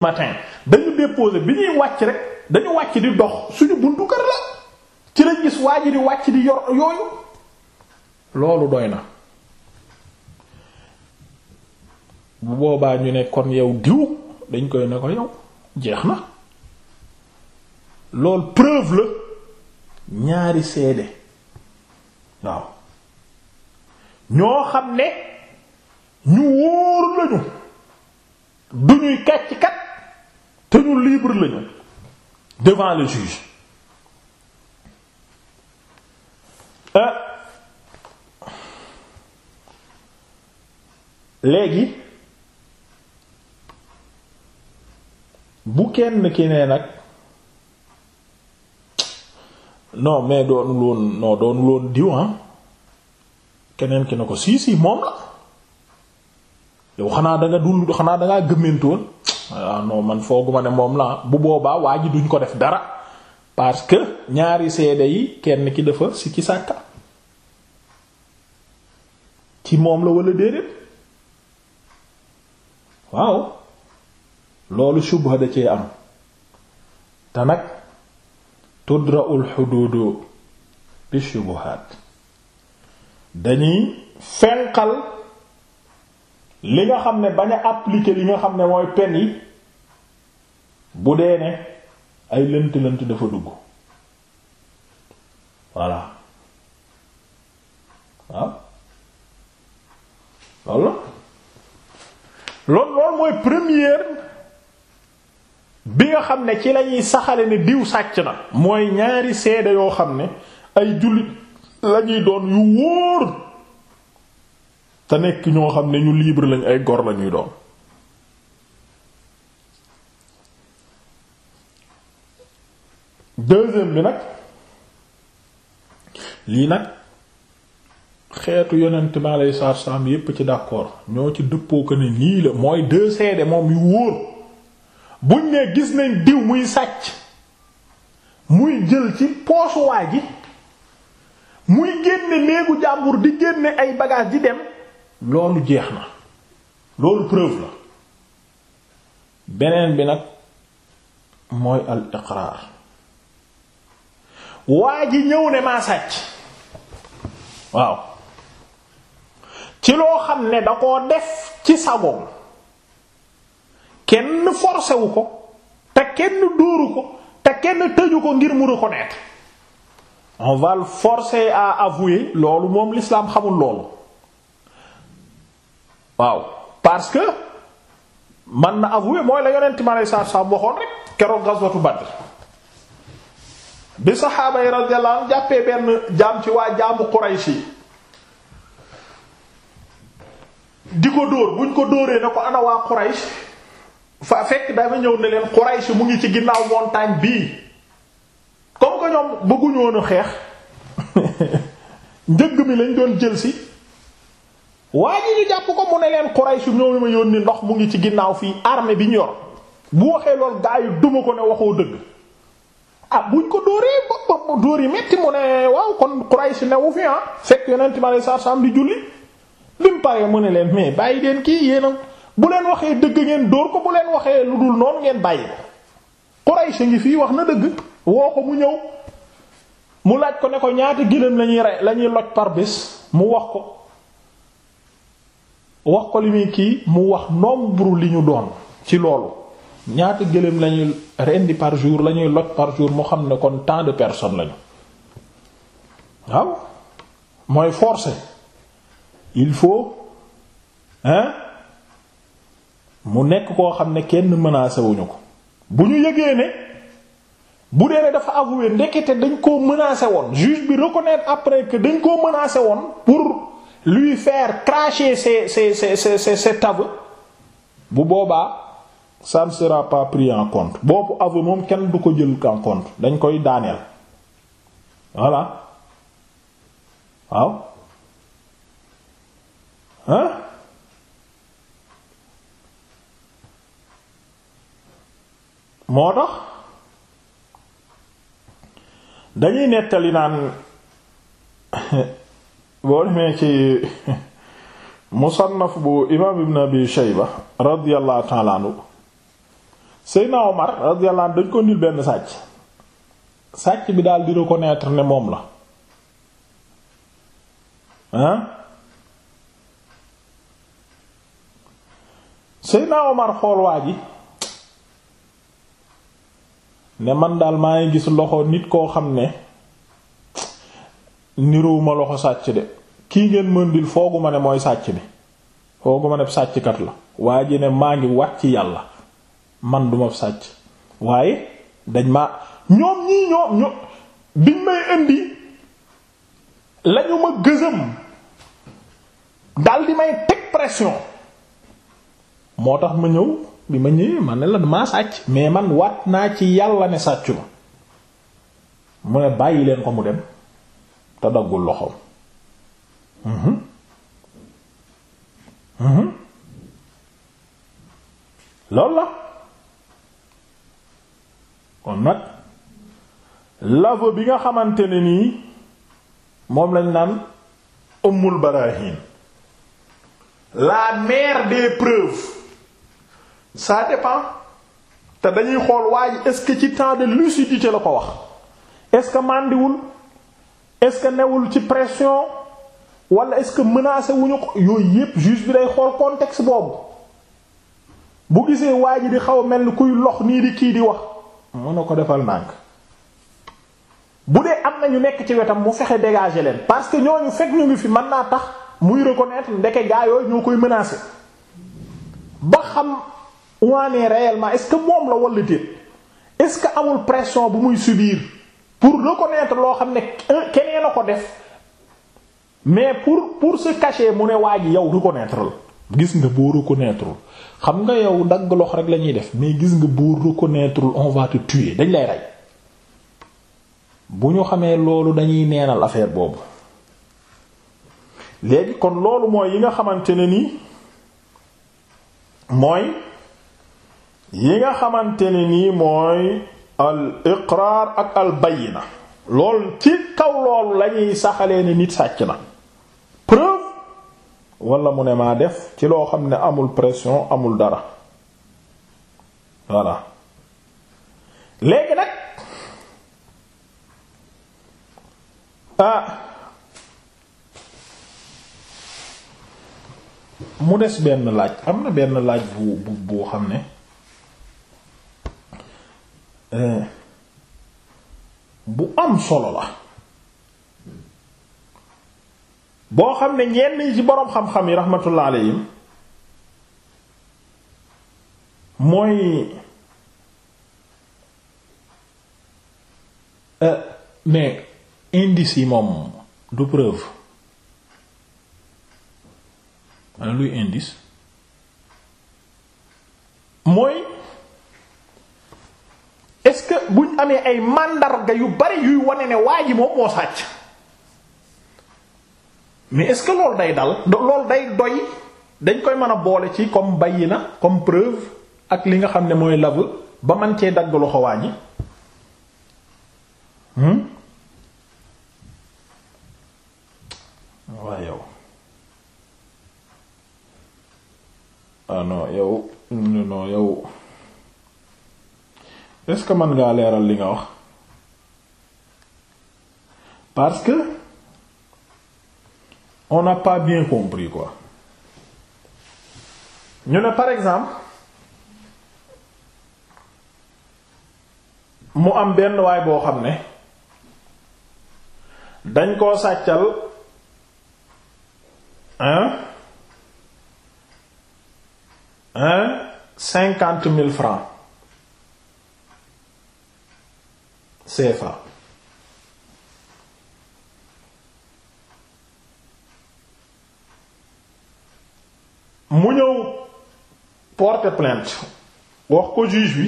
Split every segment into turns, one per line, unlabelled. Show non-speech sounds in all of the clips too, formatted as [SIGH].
matin dañu déposé bi ñuy wàcc rek dañu wàcc di dox suñu buntu kër la ci lañ gis waa ji di wàcc di yooyu loolu doy na bu boobaa ñu ne kon yow diw dañ koy ne ko yow jeex na loolu preuve la ñaari seede waaw ñoo xam ne ñu wóor lañu du kàcc kat te libre lañu devant le juge euh, léegi bu kenn ki nee nag non mais doonul woon non doonul woon diwan ah. keneen ki ne ko si si moom la yow xanaa da nga dul xanaa da ngaa waaw ah, non man fooguma ne moom la bu boobaa waa ji duñ ko def dara parce que ñaari seede yi kenn ki dafa si ki sàkka ci moom la walla déedéet waaw loolu subha da cee am te nag tudra'ul xuduudu bi shubuhaat dañuy fenqal li nga xam ne bañ a appliquer li nga xam ne mooy pen yi bu dee ne ay lënt lënt dafa dugg voilà waaw loolu loolu loolu mooy première bi nga xam ne ci lañuy saxale ne diw sàcc na mooy ñaari seede yoo xam ne ay jullit lañuy doon yu wóor te nekk ñoo xam ne ñu libre lañ ay góor lañuy doon deuxième bi nag lii nag xeetu yonent mi alayhi salaatu salaam yépp ci d'accord ñoo ci dëppoo ko ne lii la mooy deux seede moom yu wóor buñ ne gis nañ diw muy sàcc muy jël ci poosuwaay ji muy génne néegu jàmbur di génne ay bagages di dem loolu jeex na loolu preuve la beneen bi nag mooy al iqraar waa ji ñëw ne maa sàcc waaw ci loo xam ne da koo def ci sagoom kenn forcé ko te kenn dóoru ko te kenn tëju ko ngir mu ko on va le forcer à avouer loolu moom l'islam xamul loolu waaw parce que man na avouer mooy la yonent ma lay saab waxoon rek keroog gazwatu Badr bi saxaaba yi radiyallahu jàppee benn jaam ci waa jaamu Quraysh yi di ko dóor buñ ko dóoree na ko ana waa Quraysh fa fekk dafa ñëw ne leen Quraysh mu ngi ci ginnaaw montagne bii comme que ñoom bëgguñu woonu xeex [LAUGHS] njëgg mi lañ doon jëlsi waa ji ñu jàpp ko mu ne leen Quraysh ñoo ma yónni ndox mu ngi ci ginnaaw fii armee bi ñu yor bu waxee lool gaa yi duma ko ne waxoo dëgg ah buñ ko dóoree ba ba dóor yi metti mu ne waaw kon Quraysh newu fi ah fekk yonent ma lay saa saam di julli li mu mu ne leen mais bàyyi leen kii yéena bu leen waxee dëgg ngeen dóor ko bu leen waxee lu dul noonu ngeen bàyyi ko Quraysh ngi fii wax na dëgg woo ko mu ñëw mu laaj ko ne ko ñaata gëléem lañuy rey lañuy loj par mu wax ko wax ko li kii mu wax nombre li ñu doon ci loolu ñaati gëléem lañuy rendi par jour la ñuy lot par jour mu xam ne kon tant de personnes lañu waaw mooy force il faut hein mu nekk koo xam ne kenn menacé wuñu ko bu ñu yëgee ne bu dee ne dafa avoué ndekete dañ koo menacé woon juge bi reconnaître après que dañ koo menacé woon pour. lui faire cracher ses ses ses ses ses bu boobaa ça ne sera pas pris en compte boobu aveu moom kenn du ko jël en compte dañ koy daaneel voilà waaw hein moo tax dañuy nettali naan [LAUGHS] boo demee ci musannaf bu imaam ibn abi shayba radiyallahu ta'ala anhu seyna omar radiyallahu anhu dañ ko nil benn sàcc sàcc bi daal di reconnaître ne moom la hein seyna omar xool waa ji ne man daal maa ngi gis loxo nit koo xam ne niroowuma loxo sàcc de kii ngeen mëndil foogu ma ne mooy sàcc bi foogu ma ne sàcckat la waa ji ne maa ngi ci yàlla man duma sàcc waaye dañ ma ñoom ñii ñoom ñoom biñ may indi lañu ma gësëm daldi may teg pression moo tax ma ñëw bi ma ñëwee man ne la damaa sàcc mais man waat naa ci yàlla ne sàccu mu ne bàyyi leen ko mu dem te daggul loxoom mm-hmm. Mm-hmm. loolu la kon nag lave bi nga xamante ne nii moom lañ naan ummul barahin la mère des preuves ça dépend te dañuy xool waaye est-ce que ci temps de lucidité la ko wax est-ce que màndiwul est-ce que newul ci pression wala est-ce que menacé wuñu ko yooyu yépp juge bi day xool contexte boobu bu gisee waa ji di xaw mel ni kuy lox nii di kii di wax mën a ko defal nànk bu dee am na ñu nekk ci wetam mu fexe dégager leen parce que ñooñu fekk ñu ngi fi mën naa tax muy reconnaître ndeke gaa yooyu ñoo koy menacé ba xam waane réellement est-ce que moom la walla déet est-ce que amul pression bu muy subir pour reconnaître loo xam ne keneen a ko def mais pour pour se cacher mu ne waa ji yow reconnaître la gis nga buur boo reconnaître xam nga yow dagg lox rek lañuy def mais gis nga boo reconnaître on va te tuer dañ lay rey bu ñu xamee loolu dañuy neenal affaire boobu léegi kon loolu mooy yi nga xamante ne nii mooy yi nga xamante ne nii mooy al iqraar ak al bayina lool ci kaw loolu lañuy saxalee ni nit sàcc na preuve wala mu ne maa def ci loo xam ne amul pression amul dara voilà léegi nag ah mu des benn laaj am na benn laaj bu bu boo xam ne Eh, bu am solo la boo xam ne ñenn ñi ci boroom xam-xam yi rahmatullah alayhim mooy eh, mais indice yi moom du preuve luy indice mooy buñ amee ay mandarga yu bari yuy wane ne waa ji moom moo sàcc mais est-ce que loolu day dal loolu day doy dañ koy mën a boole ci comme bàyyi na comme preuve ak li nga xam ne mooy lave ba man cee dagg loxo waa ji hmm? waaw yow ah non yow non yow. est-ce que mën ngaa leeral li nga wax parce que on n'a pas bien compris quoi ñu ne par exemple mu am benn waay boo xam ne dañ koo sàccal hein hein cinquante mille francs CFA mu ñëw porter plainte wax ko juge bi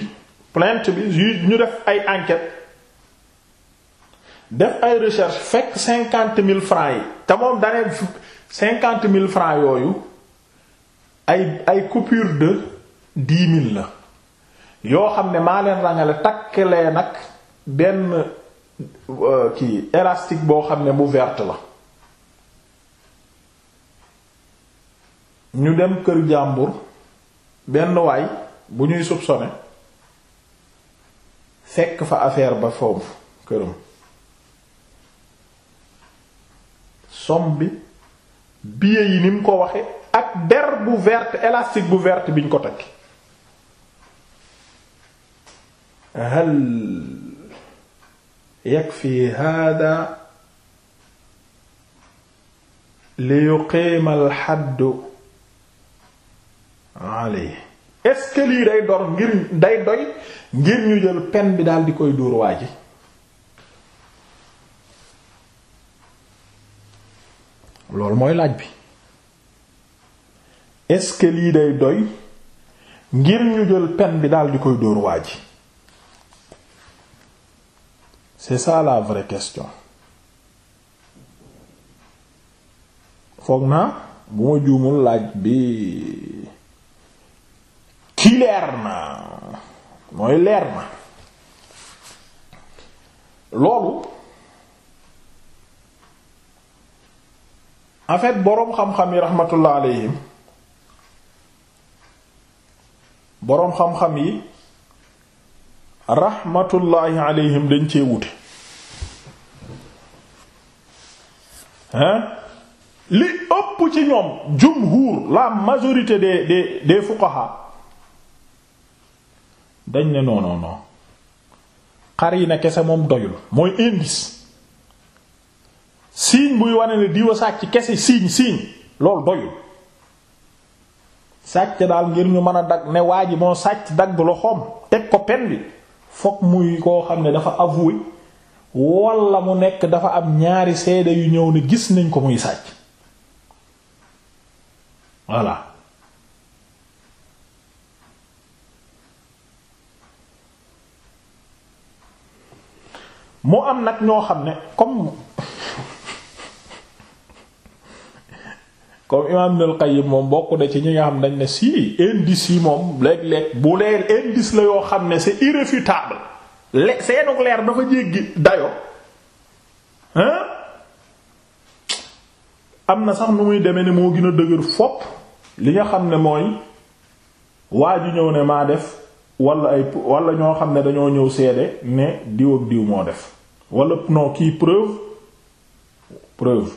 plainte bi juge ñu def ay enquête def ay recherche fekk cinquante mille francs yi te moom daneen cinquante mille francs yooyu ay ay coupure de dix mille la yoo xam ne maa leen rangale takk nag benn euh, kii élastique boo xam ne bu vert la ñu dem kër jàmbur benn waay bu ñuy soupçonné fekk fa affaire ba foofu këram som bi billet yi ni mu ko waxe ak der bu verte élastique bu verte biñ ko takk yakfi hada li yuqiima alxaddu alay est-ce day dor ngir day doy ngir ñu jël peine bi daal di koy dóor waaj loolu mooy laaj bi est-ce que day doy ngir ñu jël peine bi daal di koy dóor waa ji c'est ça la vraie question foog naa bu ma juumul laaj bi ki leer na mooy leer na loolu en fait boroom xam-xam yi rahmatullah alayhim boroom xam-xam yi rahmatullahi alayhim dañ cee wute hein li ëpp ci ñoom jumhur la majorité des des des fuqaha dañ ne non xar yi na kese moom doyul mooy indice signe buy wane ne diwa sàcc kese signe signe loolu doyul sàcc daal ngir ñu mën a dag ne waa ji moo sàcc dagg loxoom teg ko pen bi fokk muy koo xam ne dafa avoué walla mu nekk dafa am ñaari seede yu ñëw ne gis nañ ko muy sàcc voilà mu am nag ñoo xam ne comme comme imam Ibn al-Qayyim moom bokk de ci ñi nga xam dañ ne si indice yi moom léeg-léeg bu leer indice la yoo xam ne c'est irréfutable le seenug leer dafa jéggi dayo hein am na sax nu muy demee ne moo gën a dëgër fopp li nga xam ne mooy waa ju ñëw ne maa def wala ay wala ñoo xam ne dañoo ñëw seede ne diw ak diw moo def wala non kii preuve preuve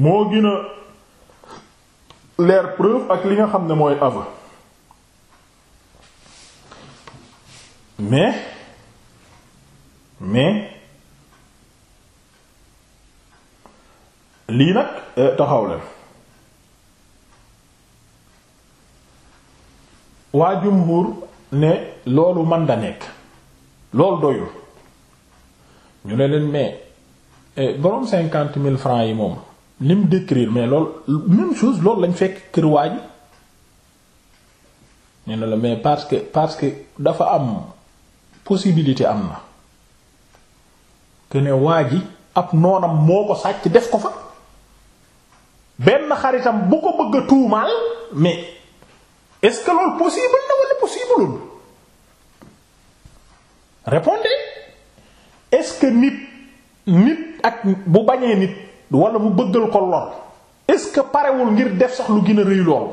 moo gën leer preuve ak li nga xam ne mooy aveu mais mais lii nag euh, taxaw leen waa jumhur ne loolu man da nekk loolu doyul ñu ne leen mais eh, boroom cinquante mille francs yi moom li mu décrire mais loolu même chose loolu lañ fekk kër waa ji la mais parce que parce que dafa am possibilité am na que ne waa ji ab noonam moo ko sàcc def ko fa benn xaritam bu ko bëgg a tuumaal mais est-ce que loolu possible na wala possibleul répondez est-ce que nit nit ak bu bañee nit wala mu bëggal ko lor est-ce que parewul ngir def sax lu gën a rëy lool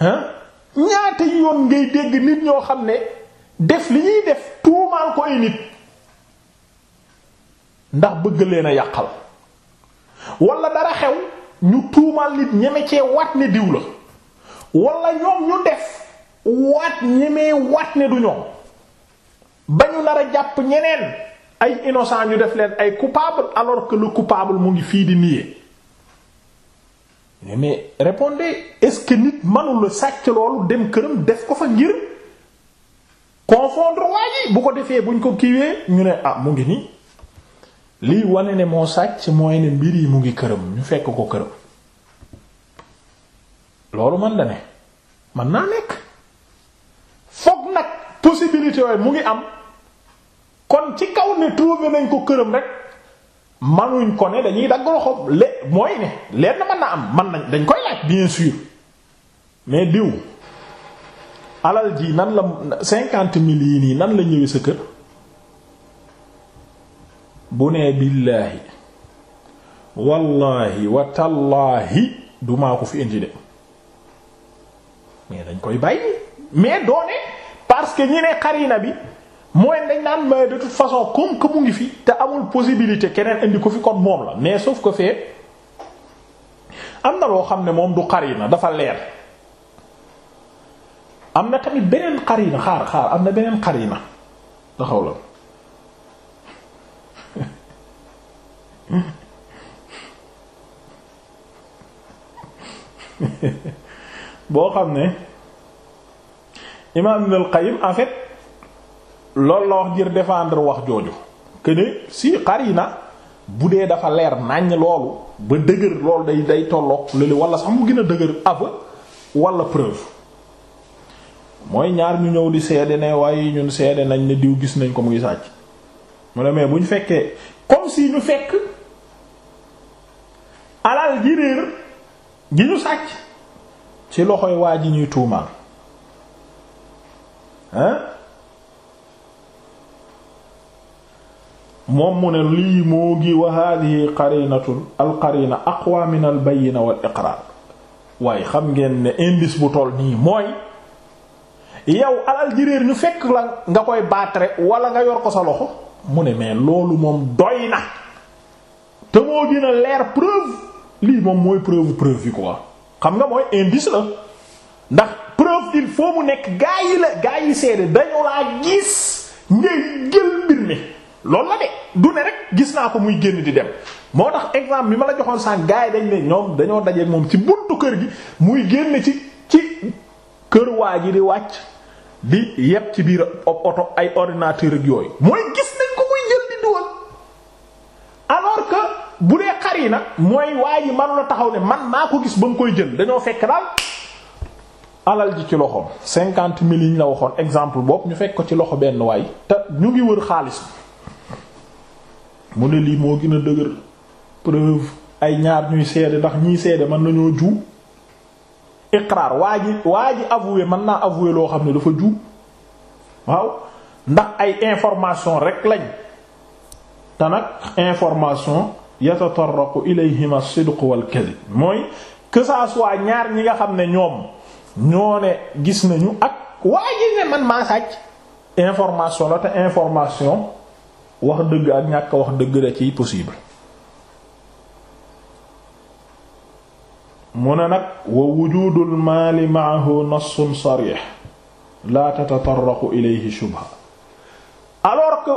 ah ñaata yoon ngay dégg nit ñoo xam ne def li ñuy def tuumaal ko nit ndax bëgg leen a yàqal wala dara xew ñu tuumaal nit ñeme cee waat ne diw la wala ñoom ñu def waat ñemee waat ne du ñoom ba ñu nar a jàpp ñeneen. ay innocent yu def leen ay coupable alors que le coupable mu ngi fii di nier mais répondez est-ce que nit mënula sàcc loolu dem këram def ko fa ngir confondre waa ji bu ko defee buñ ko kiiwee ñu ne ah mu ngi nii lii wane ne moo sàcc mooy ne mbir yi mu ngi këram ñu fekk ko këram loolu man da ne man naa nekk foog nag possibilité yooyu mu ngi am kon ci kaw ne trouvé nañ ko këram rek manuñ ko ne dañuy dagg loxoom le mooy ne leer na mën am man nañ dañ koy laaj bien sûr mais diw alal ji nan la cinquante mille yi nii nan la ñëwee sa kër bu nee billaahi wallaahi watallaahi dumaa ko fi indi de mais dañ koy bàyyi mais doone parce que ñi ne xarina bi mooy dañ naan mais de toute façon comme que mu ngi fi te amul possibilité keneen indi ko fi kon moom la mais sauf que fee am na loo xam ne moom du na dafa leer am na tamit beneen qarina xaar xaar am na beneen qarina na la [LAUGHS] boo xam ne imaam Ibn al-Qayyim en fait loolu la wax ngir défendre wax jooju que ne si na bu dee dafa leer naññ loolu ba dëgër loolu day day tolloog lële wala sax mu gën a dëgër ava wala preuve mooy ñaar ñu ñëw di seede ne waaye ñun seede nañ ne diw gis nañ ko mu ngi sàcc mu ne mais bu ñu fekkee comme si ñu fekk alal ji réer gi ñu sàcc ci loxoy waa ji ñuy tuumaal hein moom mu ne lii moo gi wa hadihi qarinatun al qarina aqwa min al bayina wal iqrar waaye xam ngeen ne indice bu toll nii mooy yow alal ji réer ñu fekk la nga koy baatre wala nga yor ko sa loxo mu ne mais loolu moom doy na te moo gën leer preuve lii moom mooy preuve preuve bi quoi xam nga mooy indice la ndax preuve il faut mu nekk gaa yi la gaa yi seede dañu laa gis ngay jël mbir mi lool na de du ne rek gis naa ko muy génn di dem moo tax exemple bi ma la joxoon sànq gars yi dañ ne ñoom dañoo dajeeg moom ci buntu kër gi muy génn ci ci kër waa ji di wàcc di yépp ci biir oto ay ordinateur ak yooyu mooy gis nañ ko muy jël di dugal alors que bu dee xar yi nag mooy waa ji man la taxaw ne man maa ko gis ba mu koy jël dañoo fekk daal alal ji ci loxoom cinquante mille yi ñu la waxoon exemple boobu ñu fekk ko ci loxo benn waay te ñu ngi wër xaalis. mu ne lii moo gën a dëgër preuve ay ñaar ñuy seede ndax ñiy seede mën nañoo juum iqraar waa ji waa ji avoué mën naa avoué loo xam ne dafa juum waaw ndax ay information rek lañ te nag information yatatarraqu ilayhima as-sidq wal kadhib mooy que ça ñaar ñi nga xam ne ñoom ñoo ne gis nañu ak waa ji ne man maa sàcc information la te information wax dëgg ak ñàkk wax dëgg da ciy possible mu ne nag wa wujudul maali maahu nassun sarih la tatatarraqu ilayhi shubha alors que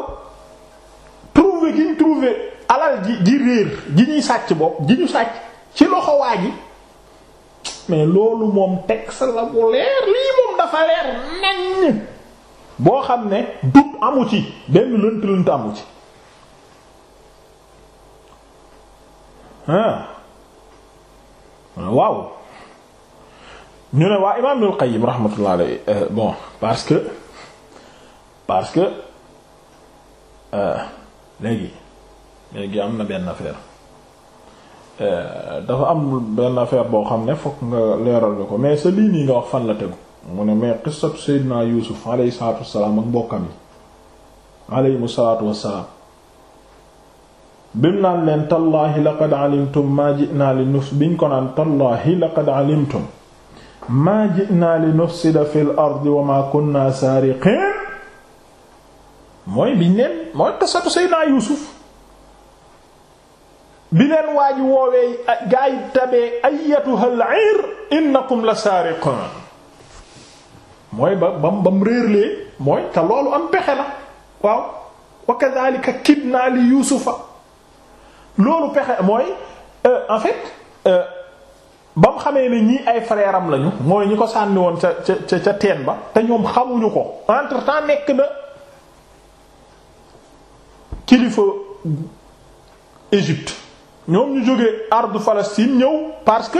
trouver gi ñu trouver alal ji ji réer ji ñuy sàcc bopp ji ñu sàcc ci loxo waa ji mais loolu moom texte la bu leer lii moom dafa leer nañ boo xam ne dut amu ci benn lënt lënt amu ci waaw ñu ne waa imaam Ibnul Qayyim euh, bon parce que parce que euh, léegi léegi am na benn affaire euh, dafa am benn affaire boo xam ne fokk nga leeral ko mais sa lii nii nga wax fan la tegu mu ne mais qissatu Seydina Yuusuf alayhi salaatu wassalaam ak mbokkam yi alayhimu salaatu wassalaam bim naan leen tallaahi laqad alimtum maa ji'naa li nufs biñ ko wa maa kunnaa saariqiin mooy biñ mooy qissatu Seydina Yuusuf bi leen waa gaay tabee ayyatuhal ayr innakum la saariqoon mooy ba bam ba mu réerlee mooy te loolu am pexe la waaw wa kadhalika kidna li yusufa loolu pexe mooy euh, en fait euh, ba mu xamee ne ñii ay frère am lañu mooy ñi ko sànni woon ca ca ca teen ba te ñoom xamuñu ko entre temps nekk na kilifa Égypte ñoom ñu jógee ardu Palestine ñëw parce que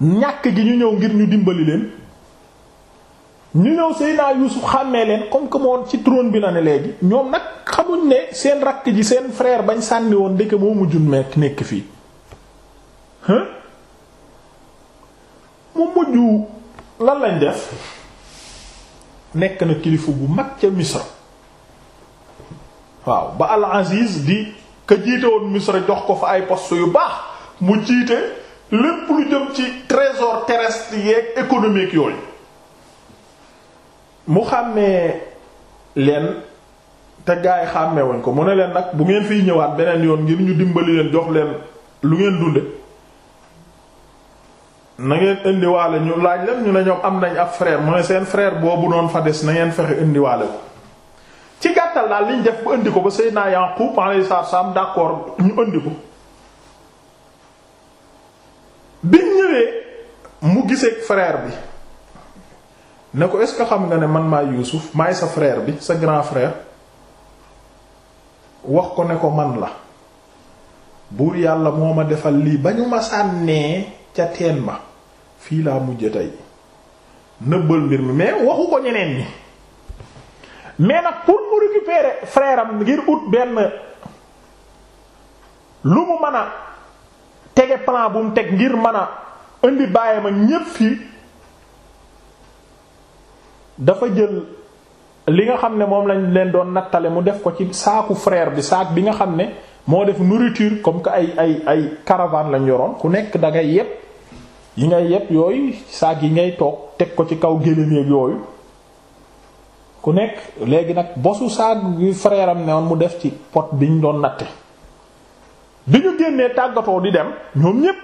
ñàkk gi ñu ñëw ngir ñu dimbali leen ñu ñëw Seydina Yuusuf xàmmee leen comme que moom ci trône bi na ne léegi ñoom nag xamuñ ne seen rakk ji seen frère bañ sànni woon ndeke moo mujjul mekk nekk fii mu mujj lan lañ def nekk na kilifa bu mag ca Misra waaw ba Al-Aziz di ka jiite woon Misra jox ko fa ay post yu baax mu jiite lépp lu jëm ci trésor terrestre yeeg économique yooyu mu xàmmee leen te gaay xàmmee wuñ ko mu ne leen nag bu ngeen fiy ñëwaat beneen yoon ngir ñu dimbali leen jox leen lu ngeen dunde na ngeen indiwaale ñu laaj leen ñu ne ñoom am nañ ab frère mu ne seen frère boobu noon fa des na ngeen fexe indiwaale ko ci gàttal daal liñ def ba indi ko ba Seydina Yaqub alayhi salaam d'accord ñu indi ko biñ ñëwee mu gisee frère bi ne ko est-ce que xam nga ne man maay Yuusuf maay sa frère bi sa grand frère wax ko ne ko man la buur yàlla moo ma defal lii ba ñu ma sànnee ca teen ma fii laa mujj tey nëbbal mbir mi mais waxu ko ñeneen ñi mais nag pour mu récupérer frère am ngir ut benn lu mu mën a tege plan bu mu teg ngir mën a indi bàyyam ak ñépp fii dafa jël li nga xam ne moom lañ leen doon nattale mu def ko ci saaku frère bi saak bi nga xam ne moo def nourriture comme que ay ay ay caravane lañ yoroon ku nekk da ngay yépp yi ngay yépp yooyu saak yi ngay toog teg ko ci kaw gëléem yeeg yooyu ku nekk léegi nag bosu saak bi frère am ne woon mu def ci pot biñ doon natte bi ñu génnee tàggatoo di dem ñoom ñépp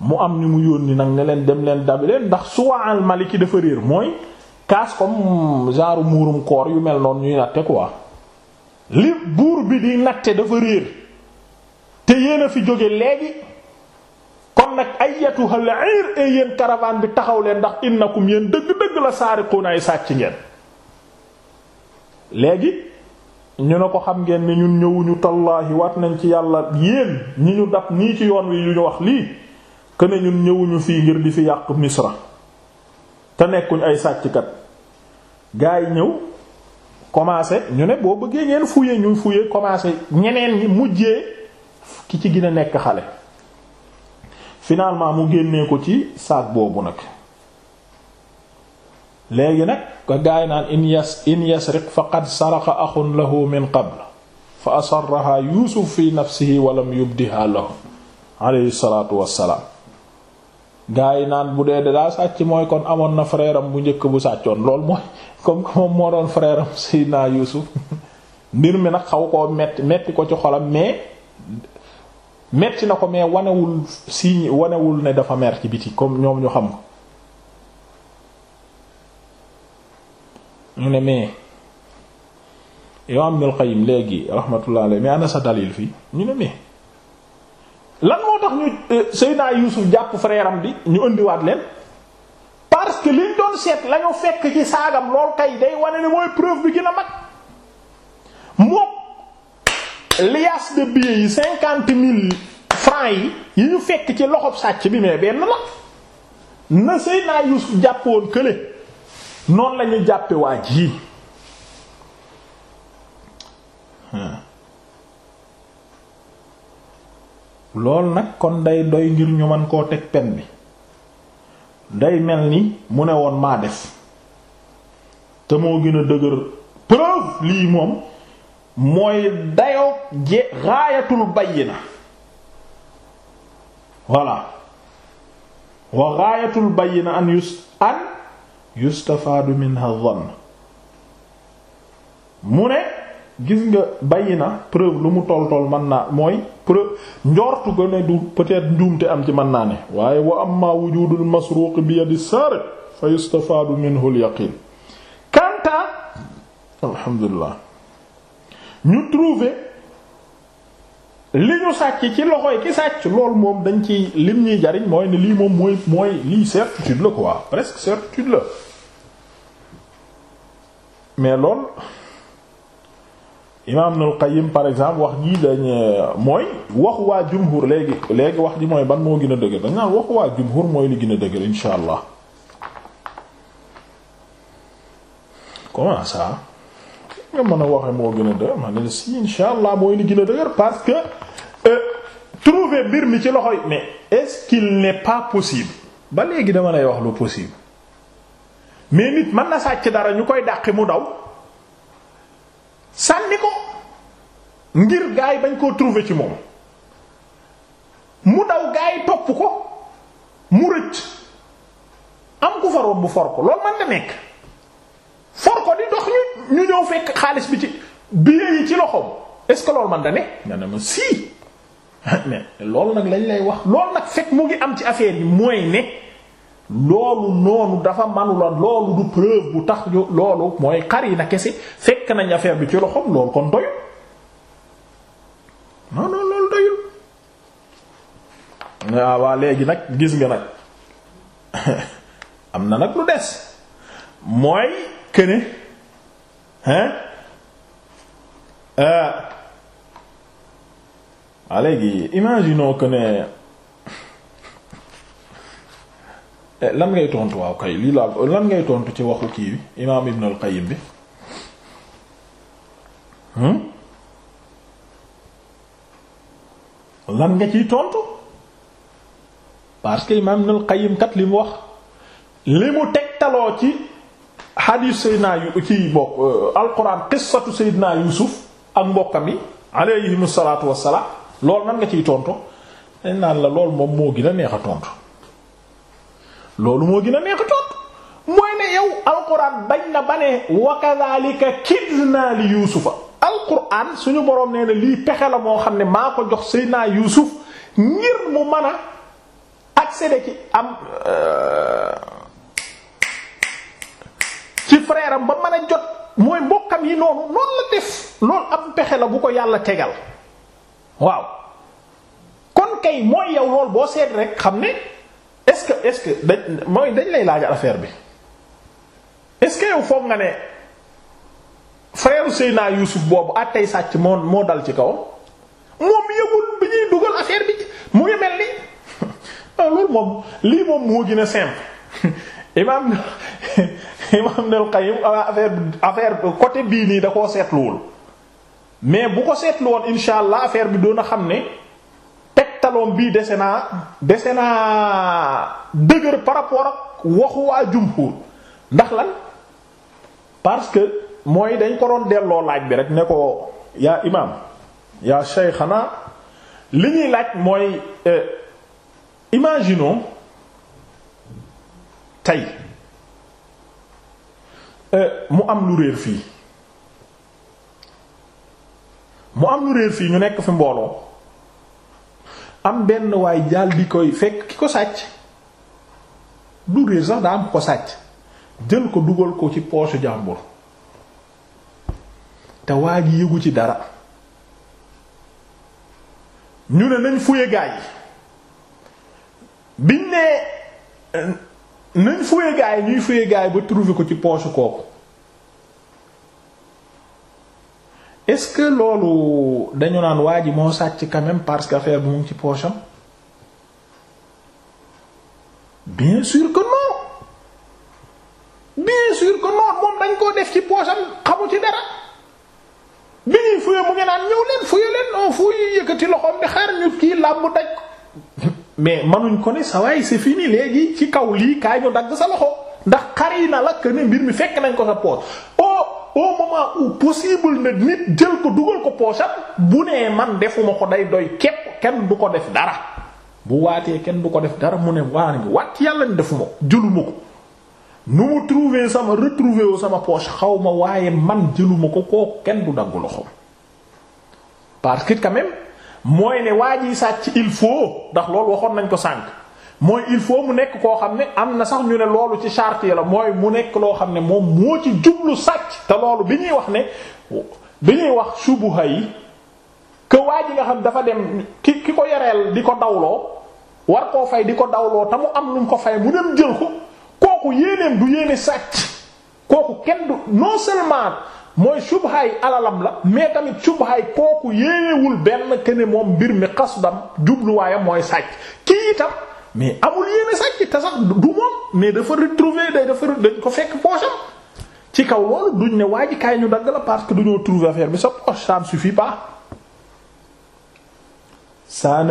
mu am ñu mu yónni nag ne leen dem leen dabi leen ndax suwa al maliki dafa réer mooy kaas comme genre muurum koor yu mel noonu ñuy natte quoi li buur bi di natte dafa réer te yéen a fi jóge léegi kon nag ayyatuha al-'ir ay eh, yéen caravane bi taxaw leen ndax innakum yéen dëgg-dëgg la saariquuna ay sàcc ngeen léegi ñu ne ko xam ngeen ne ñun ñëwuñu tallaahi wat nañ ci yàlla yéen ñi ñu dab nii ci yoon wi ñu wax lii ne ñun ñëwuñu fii ngir di fi yàq misra te nekkuñ ay sàcckat gaa yi ñëw commencé ñu ne boo bëggee ngeen fuye ñu fuye commencé ñeneen ñi mujjee ki ci gën nekk xale finalement mu génnee ko ci saak boobu nag léegi nag ka gaay naan in yas in yasriq faqad saraqa axun lahu min qabl fa asarraha yuusuf fi nafsihi walam yubdiha lahu alayhi wassalaam gaa yi naan bu dee de daa sàcc mooy kon amoon na frère bu njëkk bu sàccoon lool mooy [LAUGHS] comme que moo doon frère am Seydina Yuusuf [LAUGHS] mbir mi nag xaw ko metti metti ko ci xolam mais metti na ko mais wanewul si wanewul ne dafa mer ci biti comme ñoom ñu xam ko ñu ne mais Imaam Ibnul Qayyim léegi rahmatullah alayhi mais ana sa dalil fii ñu ne mais lan moo tax ñu euh, Seydina Yuusuf jàpp frère am bi ñu indiwaat leen parce que liñ doon seet la fekk ci saagam lool kay day wane ne mooy preuve bi gën mag mook liasse de yi cinquante mille francs yi yi ñu fekk ci loxob sàcc bi mais benn la na Seydina Yuusuf jàpp woon kële noonu lañu ñu jàppe waa ji loolu nag kon day doy ngir ñu mën koo teg pen bi day mel ni mu ne woon maa def te moo gën a dëgër preuve lii moom mooy dayoo je raayatul na voilà wa raayatul bayyina an yus yustafaadu minha dhann mu ne gis nga bàyyi na preuve lu mu toll toll mën naa mooy preuve njortu ko ne du peut-être njuumte am ci man naa ne waaye wa amma wujudul masruq bi yadi sariq fa yustafaadu minhu al yaqin kanta alhamdulilah ñu trouver li ñu sàcc ci loxoy ki sàcc loolu moom dañ ci lim ñuy jariñ mooy ne lii moom mooy mooy lii certitude la quoi presque certitude la mais lool imaam Ibnul Qayyim par exemple wax jii lañ euh, mooy waxu waa jumhur léegi léegi wax di mooy ban moo gin a dëgër dañ naan waxu waa jumhur mooy li gën a dëgër insha allah comment ça nga mën a waxe moo gën a dëgër ma ne si insha allah mooy li parce que euh, trouver mbir mi ci loxoy mais est-ce qu'il n'est pas possible ba léegi dama lay wax lu possible mais nit mën na sàcc dara ñu koy dàqi mu daw sànni ko ngir gaa yi bañ koo trouver ci moom mu daw gaa yi topp ko mu rëcc am ku fa for ko loolu man na nekk for ko di dox ñu ñu ñëw fekk xaalis bi ci billet yi ci loxoom est-ce que loolu man da ne nga ma sii [LAUGHS] mais loolu nag lañ lay wax loolu nag fekk mu ngi am ci affaire yi mooy ne loolu noonu dafa manula loolu du preuve bu tax loolu mooy xar yi na kese fekk nañ affaire bi ci loxoom loolu kon doyul waaw ah, waa léegi nag gis nga nag [LAUGHS] am na nag lu des mooy këne hein euh, waa léegi imaginons que ne [LAUGHS] eh, lan ngay tontu waaw kay lii laa lan ngay tontu ci waxu kii bi imaam Ibn al-Qayyim bi hmm? lan nga ciy tontu parce que imaam Ibnul Qayyim kat li mu wax li mu tegtaloo ci xadiis Seydina yu ci bokk euh, alquran qissatu Seydina Yuusuf ak mbokkam yi loolu nan nga ciy tontu dañ la loolu moom moo gën a neex a tontu moo gën a neex a mooy ne yow alquran bañ na ba ne wa kadhalika kidna li yuusufa alquran suñu boroom nee na lii pexe la moo xam ne maa ko jox Seydina Yuusuf ngir mu mën accéder ci am ci frère am ba mën a jot mooy mbokkam yi noonu noonu la def loolu am pexe la bu ko yàlla tegal waaw kon kay mooy yow lool boo seet rek xam ne est-ce que est-ce que dañ mooy dañ lay laaj affaire bi est-ce que yow foog nga ne frère Seyna Youssouf boobu àttey sàcc moo moo dal ci kaw moom yëgul bi ñuy dugal affaire bi mu ngi mel ni loolu moom lii moom moo gën a simple imaam [LAUGHS] imaam [LAUGHS] Ibnul Qayyim affaire affaire côté bii nii da koo seetluwul mais bu ko seetluwoon insha allah affaire bi doon a xam ne teg tegtaloom bii dese naa dese naa dëgër par rapport ak waxu waa jumhur ndax lan parce que mooy dañ ko doon delloo laaj bi rek ne ko yaa imaam yaa shaykhana li ñuy laaj mooy. Euh, imaginons tey euh, mu am lu réer fii mu am lu réer fii ñu nekk fi mbooloo am benn waay jàll di koy fekk ki ko sàcc du réer sax daa am ko sàcc jël ko dugal ko ci poosu jàmbur te waa ji yëgu ci dara ñu ne nañ fuye gaa yi biñ ne euh, nañ fuye gaay ñuy fuye gaay ba trouver ko ci poche kooku est-ce que loolu dañu naan waa ji moo sàcc quand parce que affaire bi mu ngi ci poche bien sûr que non bien sûr que non moom dañ koo def ci poche xamu ci dara bi ñuy fuye mu ngi naan ñëw leen fuye leen non fuye yëkkati loxoom di xaar ñu kii làmb daj mais manuñ ko ne sa waay c'est fini léegi ci kaw lii kaay ñu dagg sa loxo ndax xari na la que ne mbir mi fekk nañ ko sa poche au au moment où possible na nit jël ko dugal ko poche bu nee man defuma ko day doy képp kenn du ko def dara bu waatee kenn du ko def dara mu ne waa ngi waat yàlla ni defuma ko jëluma ko nu mu trouver sama retrouver wu sama poche xaw ma waaye man jëluma ko kooku kenn du dagg loxo parce que quand mooy ne waa sàcc il faut ndax loolu waxoon nañ ko sànq mooy il faut mu nekk koo xam ne am na sax ñu ne loolu ci charte la mooy mu nekk loo xam ne moom moo ci jublu sàcc te loolu bi ñuy wax ne bi ñuy wax subuha yi que waa ji nga xam dafa dem ki ki ko yoreel di ko dawloo war koo fay di ko dawloo te mu am nuñ ko fay mu dem jël ko kooku yéeneem du yéene sàcc kooku kenn du non seulement. mooy subhaay alalam la mais tamit subhaay kooku yéewul benn ke moom mbir mi xasdam jubluwaayam mooy sàcc kii itam mais amul yéene sàcc te sax du moom mais dafa retrouver day dafa dañ ko fekk poosam ci kaw loolu duñ ne waa ji parce que duñoo trouver affaire bi sa poche ça ne suffit pas ça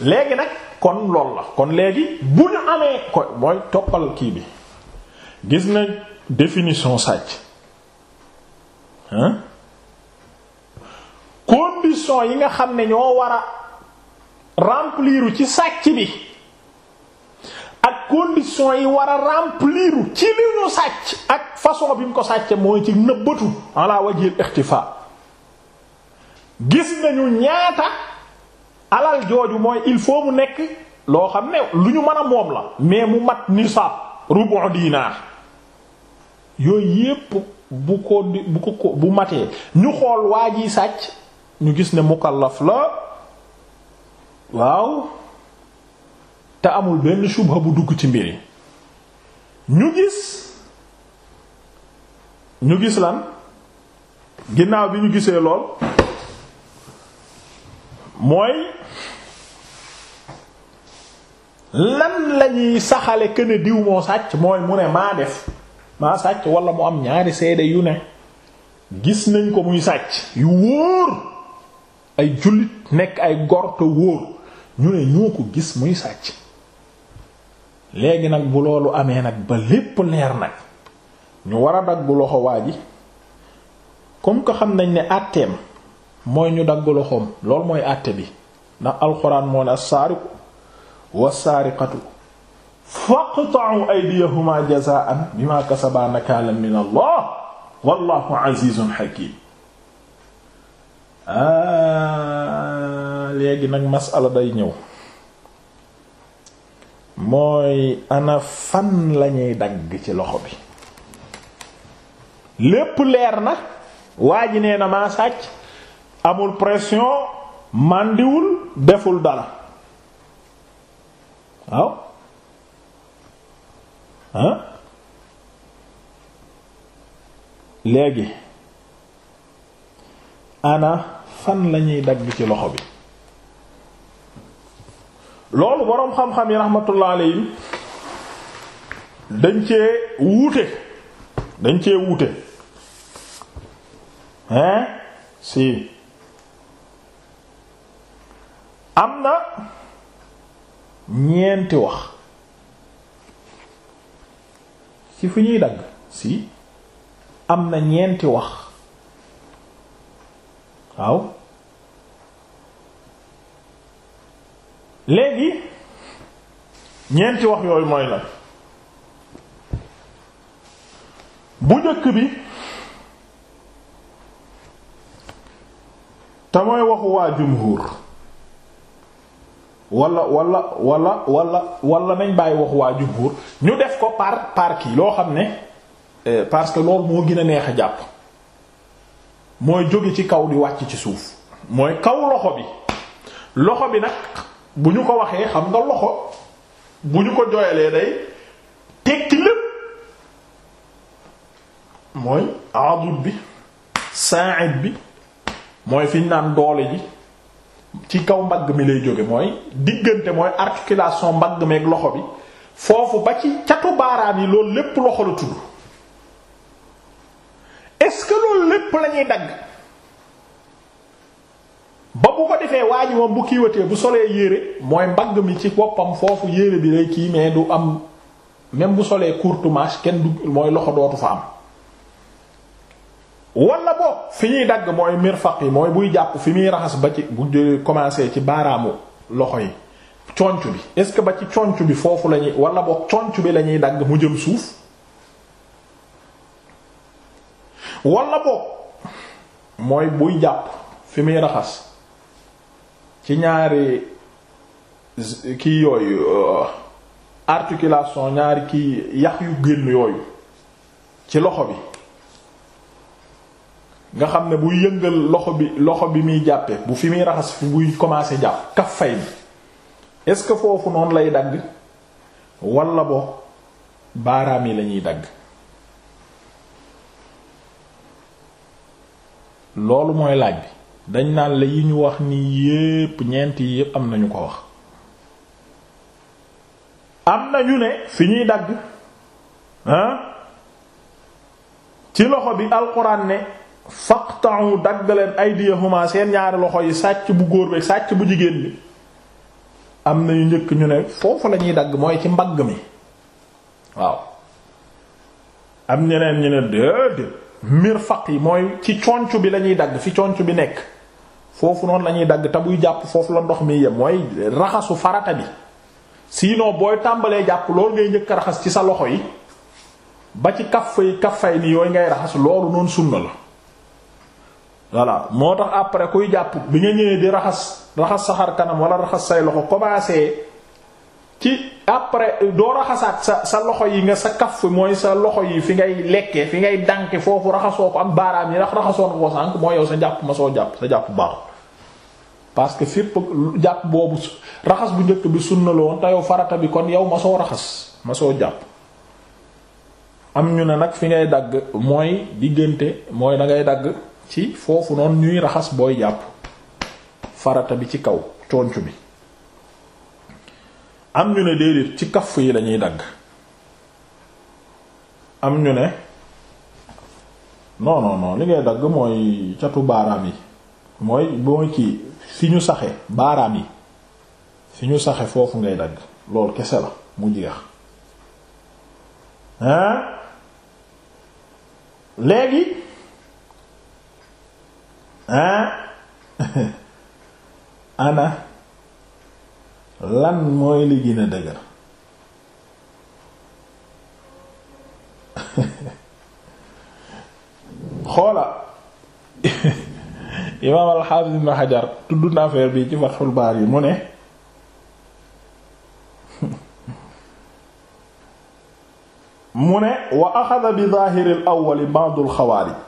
léegi nag kon lool la kon léegi bu ñu amee ko mooy toppal kii bi gis nañ définition sàcc hein condition yi nga xam ne ñoo war a rempliru ci sàcc bi ak condition yi war a rempliru ci li ñu sàcc ak façon bi mu ko sàcce mooy ci nëbbatu laa wajil ixtifa gis nañu ñaata alal jooju mooy il faut mu nekk loo xam ne lu ñu mën a moom la mais mu mat nisaab rubu dinaar yooyu yépp bu ko bu ko bu matee ñu xool waa ji sàcc ñu gis ne mukallaf la waaw te amul benn subha bu dugg ci mbiri ñu gis ñu gis lan ginnaaw bi ñu gisee lool mooy lan lañuy saxale que diw moo sàcc mooy mu ne maa def maa sàcc wala mu am ñaari seede yu ne gis nañ ko muy sàcc yu wóor ay jullit nekk ay gor te wóor ñu ne ñoo ko gis muy sàcc léegi nag bu loolu amee nag ba lépp leer nag ñu wara a dagg loxo waa ji comme ko xam nañ ne àtteem mooy ñu dagg loxoom loolu mooy àtte bi ndax alxuraan moo ne as-saariqu was-saariqatu faqta'u aydiyahumaa jazaa'an bimaa kasabaa nakaalan min Allah wallaahu aziizun hakiim ah, léegi nag masala day ñëw mooy ana fan lañuy dagg ci loxo bi lépp leer na waa ji nee na maa sàcc amul pression màndiwul deful dala waaw ah léegi ana fan lañuy dagg ci loxo bi loolu boroom xam-xam yi rahmatullah alayhi dañ cee wuute dañ cee wuute hein si am na ñeenti wax ci fu ñuy dagg si am na ñeenti wax waaw léegi ñeenti wax yooyu mooy la bu njëkk bi te mooy waxu waa jumhur wala walla walla walla wala nañ bàyyi wax waa jumhur ñu def ko par par kii loo xam ne eh, parce que loolu moo gin a neex a jàpp mooy jóge ci kaw di wàcc ci suuf mooy kaw loxo bi loxo bi nag bu ñu ko waxee xam nga loxo bu ñu ko jooyalee day tekki lépp mooy adul bi sa'id bi mooy fi ñu naan doole ji ci kaw mbagg mi lay jóge mooy diggante mooy articulation mbagg meeg loxo bi foofu ba ci catu baaraam yi loolu lépp loxo la tudd est-ce loolu lépp lañuy dagg ba bu ko defee waa bu kiiwatee bu solee yére mooy mbagg mi ci boppam foofu yére bi lay kii du am même bu solee courte kenn du mooy loxo dootu fa am wala boog fi ñuy dagg mooy mirfaq yi mooy buy jàpp fi muy raxas ba ci bu commencé ci baaraamu loxo yi conc bi est-ce que ba ci conc bi foofu lañuy wala boog conc bi lañuy dagg mu jëm suuf wala boog mooy buy jàpp fi muy raxas ci ñaari kii yooyu euh, articulation ñaari kii yax yu génn yooyu ci loxo bi nga xam ne buy yëngal loxo bi loxo bi muy jàppe bu fi muy raxas fi buy commencé jàpp kaf fay bi est-ce que foofu noonu lay dagg walla bo baaraam yi lañuy dagg loolu mooy laaj bi dañ naan la yi ñu wax ni yépp ñeent yi yépp am nañu ko wax am na ñu ne fi ñuy dagg ah, ci loxo bi alxuraan ne faqta'u dagg leen aydiyahuma seen ñaari loxo yi sàcc bu góor beeg sàcc bu jigéen bi am na yu njëkk ñu ne foofu lañuy dagg mooy ci mbagg mi waaw am ñeneen ñu ne déedéet mirfaq yi mooy ci conc bi lañuy dagg fi conc bi nekk foofu noonu lañuy dagg te buy jàpp foofu la ndox mi yem mooy raxasu farata bi sinon booy tàmbalee jàpp loolu ngay njëkk raxas ci sa loxo yi ba ci kaffa yi kaffay ni yooyu ngay raxas loolu noonu sunna la voilà moo tax après kuy jàpp bi nga ñëwee di raxas raxas sa xar kanam wala raxas say loxo commencé ci après doo raxasaat sa sa loxo yi nga sa kaf mooy sa loxo yi fi ngay lekkee fi ngay dànke foofu raxasoo ko am baaraam yi ndax raxasoon ko sànq mooy yow sa jàpp ma soo jàpp sa jàpp baaxul parce que fépp jàpp boobu raxas bu njëkk bi sunna la te yow farata bi kon yow ma soo raxas ma soo jàpp am ñu ne nag fi ngay dagg mooy diggante mooy da ngay dagg ci foofu noonu ñuy raxas booy jàpp farata bi ci kaw conc bi am ñu ne déedéet ci kaff yi lañuy dagg am ñu ne non non li ngay dagg mooy catu baaraam yi mooy mooy kii fi ñu saxe baaraam yi fi ñu saxe foofu ngay dagg loolu kese la mu jeex hein léegi [LAUGHS] ana lan mooy li gën a dëgër [LAUGHS] xoola [LAUGHS] imaam alxaafis ibn xajar tudd na affaire bi ci Fathul Baari mu ne mu ne wa axada bi zaahiril awwali ba'dul xawaarij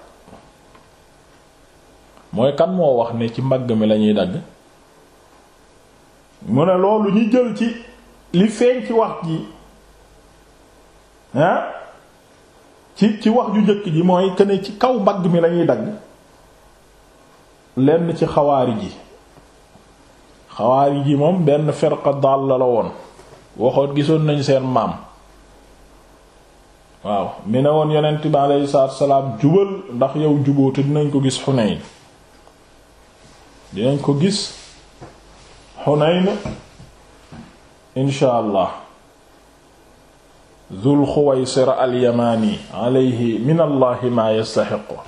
mooy kan moo wax ne ci mbagg mi lañuy dagg mu ne loolu ñu jël ci li feeñ ci wax ji ah ci ci wax ju njëkk ji mooy que ci kaw mbagg mi lañuy dagg lenn ci xawaari ji xawaari ji moom benn ferqa daal la la woon waxoon gisoon nañ seen maam waaw mi ne woon yonent bi aleyhi salaatu wa salaam jubal ndax yow juboo dinañ ko gis yi dinañ ko gis Xunayn insha allah Zul Xuwaysira al-Yamani alayhi min allahi ma yastaxiqu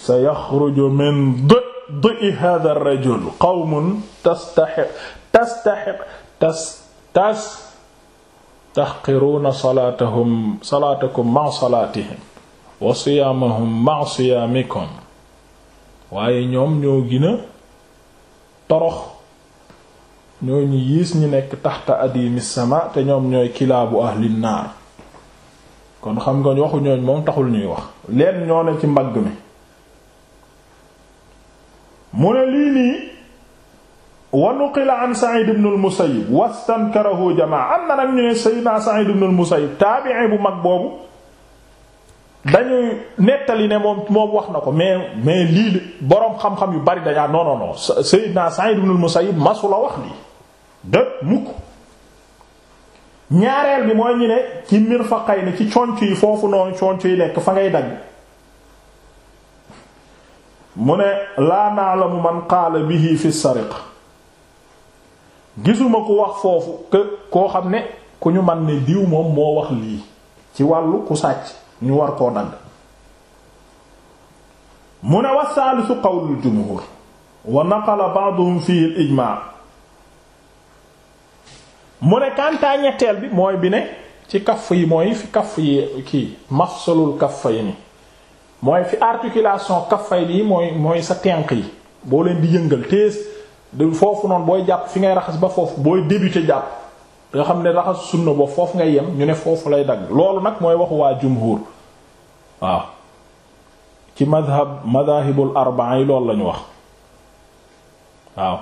sayaxruju min di'i haaza ar-rajul qawmun tastaxiq tastaxiq tas tas taxqiruuna salaatahum salaatakum ma'a salaatihim wa siyaamahum ma'a siyaamikum waaye ñoom ñoo gina a torox ñoo ñu yiis ñi nekk taxta adimi sama te ñoom ñooy kilaabu ahlin naar kon xam nga waxu ñooñ moom taxul ñuy wax leen ñoo ne ci mbagg mi mu ne lii nii wa nuqila an Sa'id ibn al-Musayyib wastankarahu jamaa am na nag ñu ne sayyidina Sa'id ibn al-Musayyib bu mag boobu dañuy nettali ne moom moom wax na ko mais mais lii boroom xam-xam yu bari dañaa non sa non Sayyidna Sa'id ibn al-Musayyib masula wax lii de mukk ñaareel bi mooy ñu ne ci mirfaqayni ci conc yi foofu noonu conc yi nekk fa ngay dagg mu ne laa na'lamu man qaala bihi fi sariq gisuma ku wax foofu que xam ne ku ñu man ne diw moom moo wax lii ci wàllu ku sàcc ñu war koo dagg mu ne wasaalisu qawlul jumhur wa naqala ba'duhum fihi al mu ne kantaa ñetteel bi mooy bi ne ci kaff yi mooy fi kaff yi kii mafsalul kaffa yi ni mooy fi articulation kaffay bi mooy mooy sa tenq yi boo leen di yëngal tees du foofu noonu booy jàpp fi ngay raxas ba foofu booy débuter jàpp nga xam ne raxas sunna ba foofu ngay yem ñu ne foofu lay dagg loolu nag mooy waxu waa jumhur waaw ci madhab madahibul arbaa yi loolu lañu wax waaw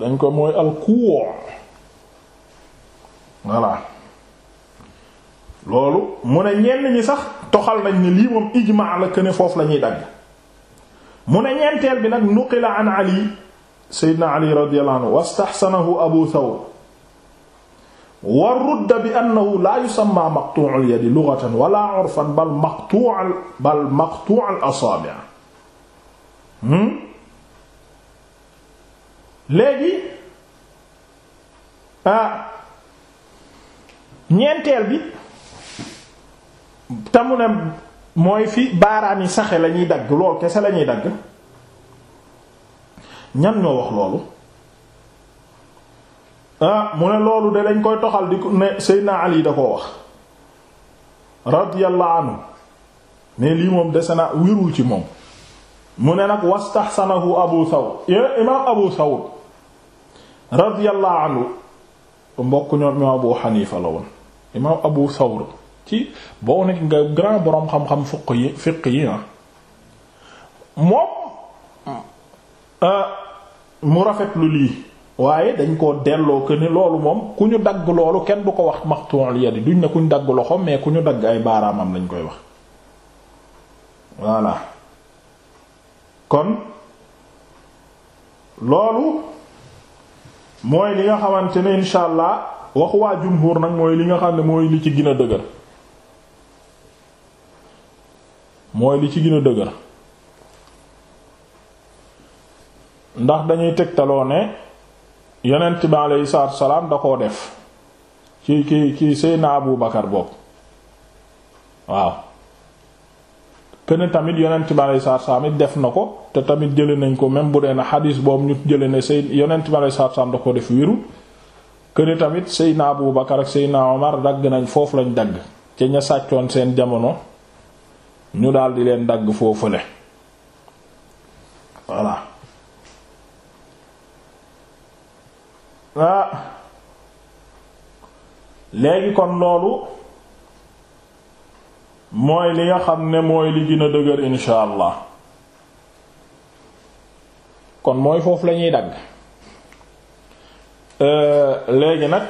dañ ko mooy alkuwoo voilà loolu mu ne ñenn ñi sax toxal nañ ni lii moom ijmaa la këne foofu lañuy ñuy dagg mu ne ñeenteel bi nag nuqila an ali seydna ali radiyallahu anhu wastaxsanahu abu thawr wa rudda bi annahu laa yusamma maqtu'ul yadi lughatan wala 'urfan bal maqtu'ul bal maqtu'ul asaabi' hmm? léegi ah ñeenteel bi tamu ne mooy fi baaraam yi saxe lañuy dagg lool kese lañuy dagg ñan ñoo wax loolu ah, mu ne loolu de dañ koy toxal di ne Seydina Ali da koo wax radiyallahu anhu ne lii moom dese na wérul ci moom mu ne nag wastahsanahu Abu Thawr imaam Abu Thawr radiyallahu anhu mbokk ñoom imaam Abu Hanifa la woon imaam Abu Thawr ci boo nekk nga grand boroom xam-xam fiq yi fiq yi ah moom Euh, mu rafetlu lii waaye dañ koo delloo que ne loolu moom ku ñu dagg loolu kenn du ko wax maqtu'ul yadi duñ ne ku ñu dagg loxoom mais ku ñu dagg ay baaraamam lañ koy wax voilà kon loolu mooy li nga xamante ne insha allah waxu waa jumhur nag mooy li nga xam ne mooy li ci gën a dëgër mooy li ci gën a dëgër ndax dañuy tegtaloo ne yonent bi aleyhi salaatu salaam da koo def ci ki ci naa bu Bakar boobu waaw këne tamit yonent bi aleyhi salaatu salaam it def na ko te tamit jële nañ ko même bu dee na xadiis boobu ñu jële ne say yonent bi aleyhi salaatu def wiru këne tamit Seyna Abu Bakar ak Seyna Omar dagg nañ foofu lañ dagg ca ña sàccoon seen jamono ñu daldi leen dagg foofule voilà ah léegi kon loolu mooy li nga xam ne mooy li gën dëgër insha allah kon mooy foofu lañuy dagg euh, léegi nag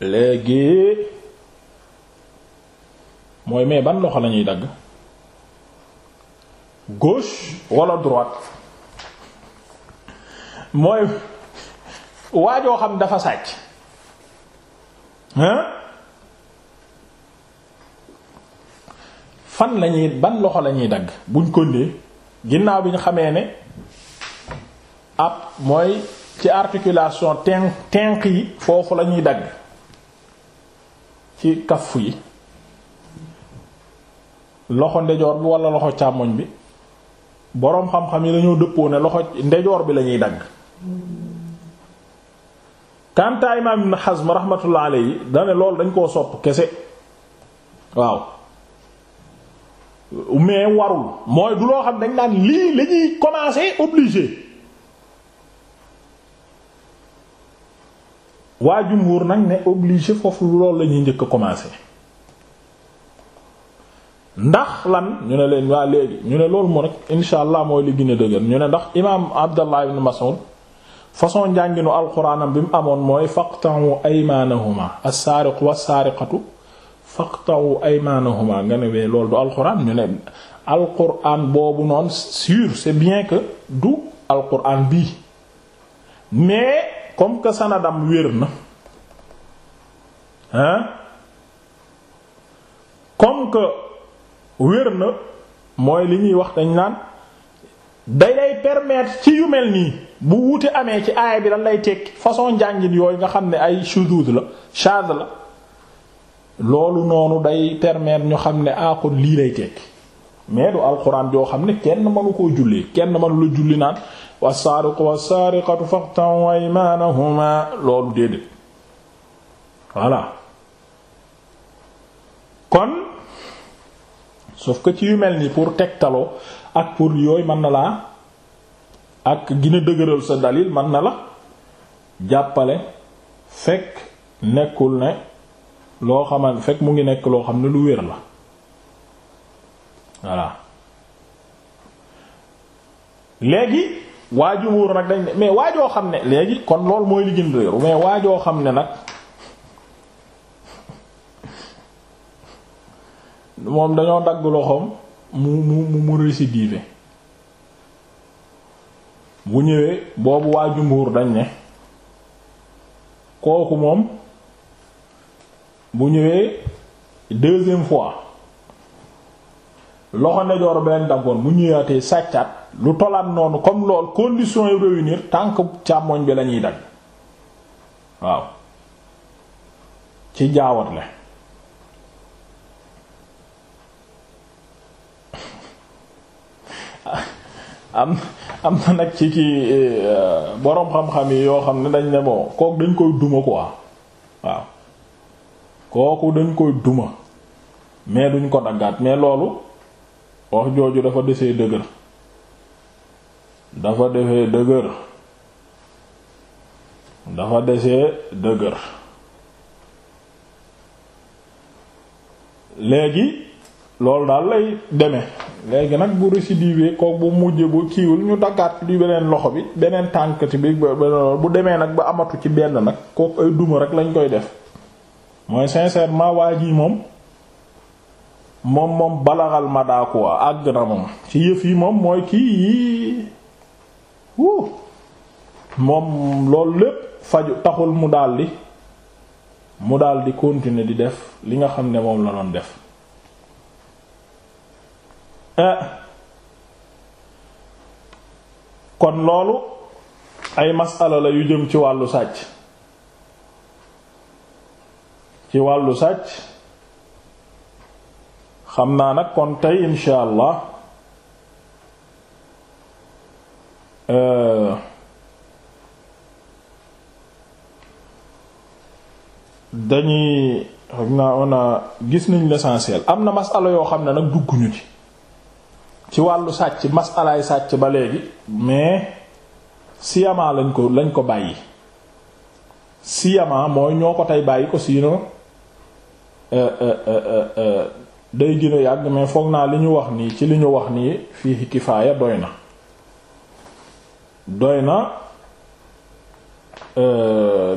léegi mooy mais ban loxo lañuy dagg gauche walla droite mooy waajoo xam dafa sàcc hein fan lañuy ban loxo lañuy dagg buñ ko ndee ginnaaw bi ñu xamee ne ab mooy ci articulation ten tenq yi foofu lañuy dagg ci kafu yi loxo ndejoor bi walla loxo càmmoñ bi boroom xam-xam yi dañoo dëppoo ne loxo ndejoor bi lañuy dagg kanta imaam ibn Hazm rahmatullah alayhi dane loolu dañ koo sopp kese waaw mais warul mooy du loo xam dañ naan lii la ñuy commencer obligé waa jumhur nag ne obligé foofu lool la ñuy njëkk a commencer ndax lan ñu ne leen waa léegi ñu ne loolu moo rek insha allah mooy li gën dëgër ñu ne ndax imaam Abdallah ibn Mas'ud façon njànginu alxuraanam bi mu amoon mooy faqta'u aymaanahuma as-saariqu was-saariqatu aymaanahuma nga ne wee loolu du alxuraan ñu ne alxuraan boobu noonu sûr c'est bien que du alxuraan bii mais comme que sanadam wér na hein comme que wér na mooy li ñuy wax dañ naan day lay ci yu mel nii bu wuute amee ci aaya bi lan lay tekki façon njàngin yooyu nga xam ne ay shudud la shaz la loolu noonu day permettre ñu xam ne ah kon lii lay tekki mais du alxuraan joo xam ne kenn mënu koo jullee kenn mënu la julli naan was ko was-saariqatu faqta'u aymaanahuma loolu déedéet voilà kon sauf ko ci yu mel nii pour tegtaloo ak pour yooyu mën na laa ak gina dëgëral sa dalil man na la jàppale fekk nekkul ne loo xaman fekk mu ngi nekk loo xam ne lu wér la voilà léegi waa ju wóor nag dañ mais waajoo xam ne léegi kon loolu mooy li gën réeru mais waajoo xam ne nag moom dañoo dagg loxoom mu mu mu récidive bu ñëwee boobu waa jumhur dañ ne kooku moom bu ñëwee deuxième fois loxo ndejoor beneen daggoon bu ñëwaatee sàccaat lu tolaat noonu comme lool condition yu réunir tànk càmmoñ bi lañuy dagg waaw ci jaawat la [LAUGHS] am na nag ci ki euh, boroom xam-xam yi yoo xam ne dañ ne bon kooku dañ koy duma ko waaw kooku dañ koy duma mais duñ ko daggaat mais loolu wax jooju dafa desee dëgër dafa defee dëgër dafa desee dëgër léegi loolu daal lay deme léegi nag bu récidive kook bu mujj bu kiiwul ñu daggaat ci beneen loxo bi beneen tànk ci bi bu demee nag ba amatu ci benn nag kook ay duma rek lañ koy def mooy waa ji moom moom moom balaxal ma moom ci yëf yi moom mooy kii yii wuu moom loolu lépp faju taxul mu daldi mu daldi continuer di def li nga xam ne moom la doon def Eh. kon loolu ay masala la yu jëm ci wàllu sàcc ci wàllu sàcc xam naa nag kon tey insha allah eh, dañuy xam naa on a gis nañ l'essentiel am na masala yoo xam ne nag dugguñu ci ci wàllu sàcc masalaay sàcc ba léegi mais siyamaa lañ ko lañ ko bàyyi siyamaa mooy ñoo ko tey bàyyi ko sinon euh, euh, euh, day gën yàgg mais foog naa li ñu wax nii ci li ñu wax nii fii kifaaya doy na doy na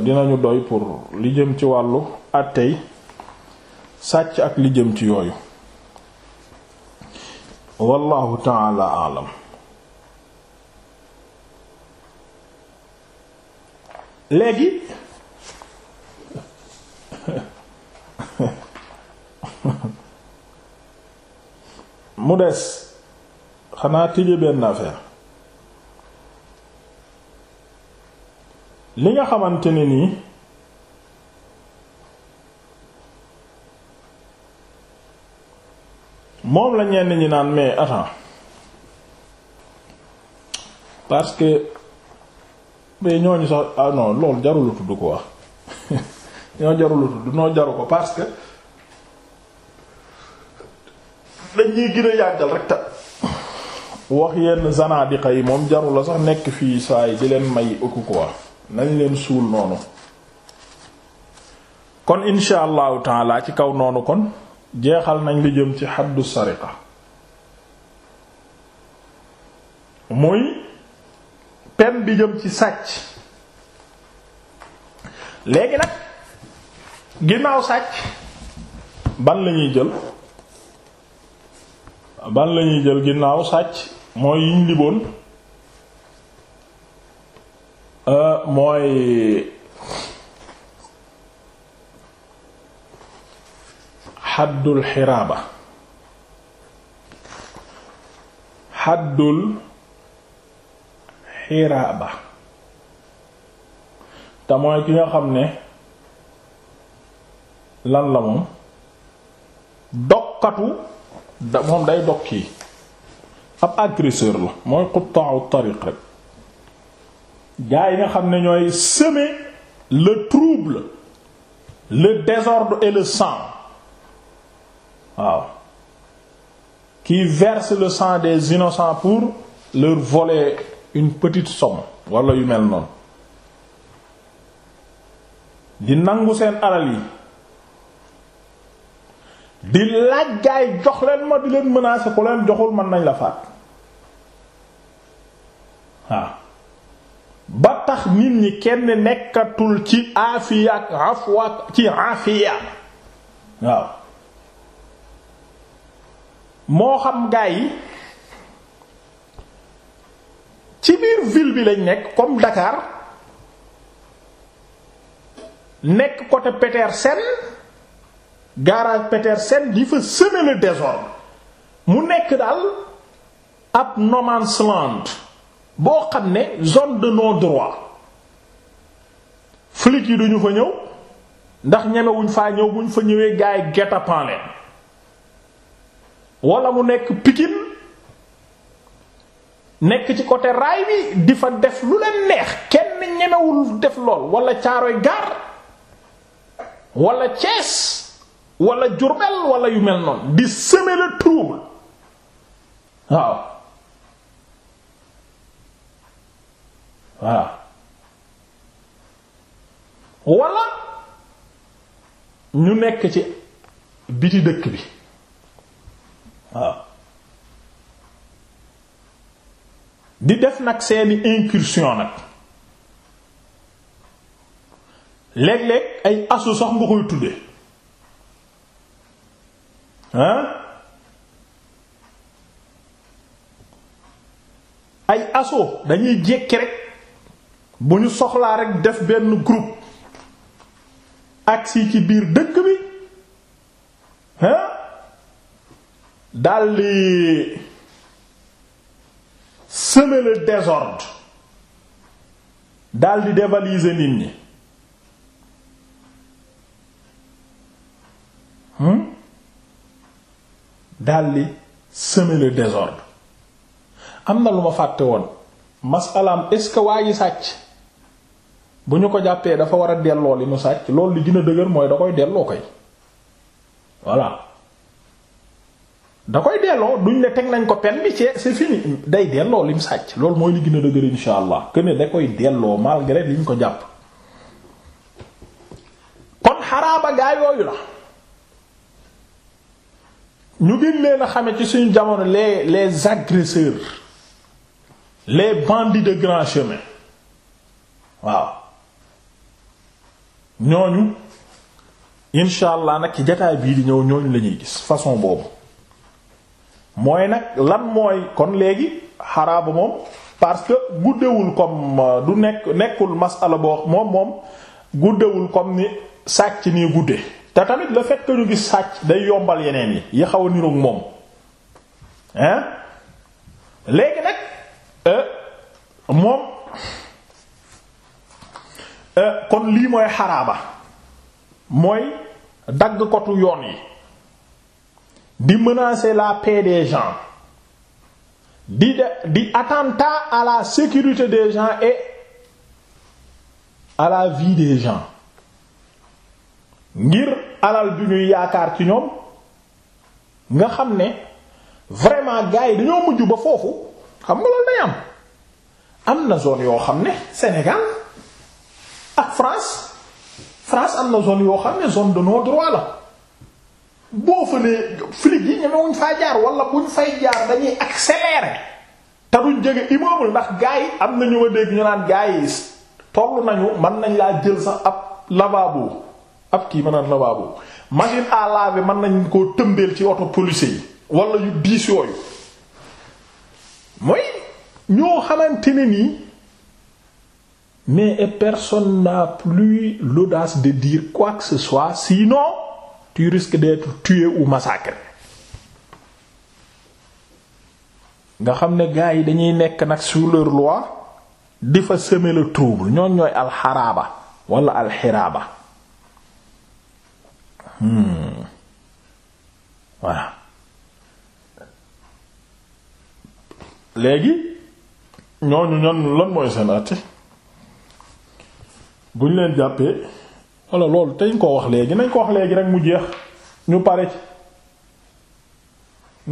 dinañu doy pour li jëm ci wàllu àttey sàcc ak li jëm ci yooyu wallahu taala alam léegi [LAUGHS] mu des xanaa tije benn affaire li nga xamante ne nii moom la ñeen ñi naan mais attends parce que mais ñooñu sax ah non loolu tudd ko wax [LAUGHS] ñoo jarul tudd noo jaru ko parce que dañuy gën a yàggal rek ta wax yenn zanadiqa yi moom jarul sax nekk fii saa yi di leen may ëkku ko wax nañ leen suul noonu kon insha allahu taala ci kaw noonu kon jeexal nañ li jëm ci xaddu sariqa muy pen bi jëm ci sàcc léegi nag ginnaaw sàcc ban la jël ban la ñuy jël ginnaaw sàcc mooy yiñ liboon euh, mooy xaddul xiraaba xaddul xiraaba te ki nga xam ne lan la moom dokkatu da moom day dokki ab agresseur la mooy xuttaawu tariq rek gaa yi nga xam ne ñooy semer le trouble le désordre et waaw qui verse le sang des innocents pour leur vole une petite somme wala yu mel noonu di nangu seen alal yi di laaj gaay ma di leen menacer ku leen joxul mën nañ la faat waaw ba tax nit ñi kenn nekkatul ci aafiya ak afwa ci aafiya waaw moo xam gaa yi ci biir ville bi lañ nekk comme Dakar nekk côté Petersen garage Petersen di fa semer le désordre mu nekk daal ab no man's boo xam ne zone de non-droit flics yi duñu fa ñëw ndax ñemewuñ faa ñëw buñ fa ñëwee gaa yi guet wala mu nekk Pikine nekk ci côté raay bi di fa def lu leen neex kenn ñemewul def lool wala Caaroy Gaar wala Thiès wala Diourbel wala yu mel noon di semer le trouble waaw waaw wala ñu nekk ci biti dëkk bi waaw di def nag seeni incursion nag léeg-léeg ay asu sax nga koy tudde hein ay aso dañuy jékki rek bu ñu soxlaa rek def benn groupe agsi ci biir dëkk bi hein daldi semer le désordre daldi dévaliser nit ñi hmm daldi semer le désordre am na lu ma fàtte woon masalaam est-ce que waa ji sàcc bu ñu ko jàppee dafa war a delloo li mu sàcc loolu li gën a dëgër mooy da koy delloo koy voilà da koy delloo duñ ne teg nañ ko pen bi ci c'est fini day delloo lim sàcc loolu mooy li gën a dëgër insha allah que ne da koy delloo malgré liñ ko jàpp kon xaraaba gaa yooyu la ñu gën na a xame ci suñu jamono les les agresseurs les bandits de grand chemin waaw ñooñu insha allah nag ci jataay bii di ñëw ñooñu la ñuy gis façon boobu mooy nag lan mooy kon léegi xaraaba moom parce que guddewul comme euh, du nekk nekkul masala boo moom moom guddewul comme ni sàcc nii gudde te tamit le fait que gis sàcc day yombal yeneen yi yi xaw a niroog moom hein léegi nag euh, moom euh, kon lii mooy xaraaba mooy dagg kotu yoon yi di menacer la paix des gens di de di attentat à la sécurité des gens et à la vie des gens ngir alal bi ñuy yaakaar ci ñoom nga xam ne vraiment gars yi dañoo mujj ba foofu xam nga loolu day am am na zone yoo xam ne Sénégal ak France France am na zone yoo xam ne zone de noo droit la boo fa nee flic yi ñemewuñ faa jaar wala buñ fay jaar dañuy accélérer te duñ jege ndax gaa am na ñu ma dégg ñu naan gaa yi toll nañu man nañ laa jël sax ab lavabo ab kii ma naan lavabo machine à laver mën nañ koo tëmbeel ci oto police yi wala yu diis yooyu mooy ñoo xamante nii mais personne n'a plus l'audace de dire quoi que ce soit sinon. tu risques d'être tué ou massacré nga xam ne gars yi dañuy nekk nag sur leur loi di fa semer le trouble ñoon ñooy wala alxiraaba hmm voilà léegi ñooñu ñan lan mooy seen àtte bu ñu leen jàppee walla lool te ñu ko wax léegi nañ ko wax léegi rek mu jeex ñu pare ci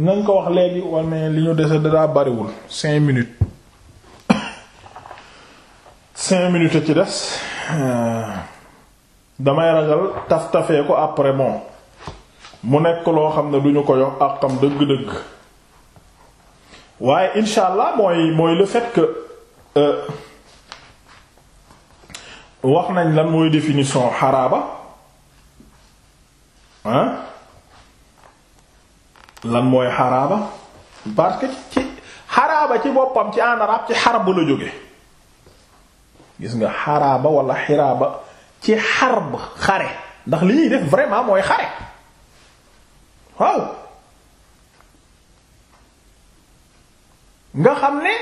nañ ko wax léegi walla mais li ñu dese dadaa bariwul cinq minutes cinq minutes ci des euh, damay ragal taf tafee ko après moom mu nekk loo xam ne duñu ko yox àqam dëgg-dëgg waaye incha mooy mooy le fait euh, wax nañ lan mooy définition xaraaba ah lan mooy xaraaba parce que ci xaraaba ci boppam ci en ci xarb la jóge gis nga xaraaba wala xiraaba ci xarb xare ndax li ñuy def vraiment mooy xare waaw nga xam ne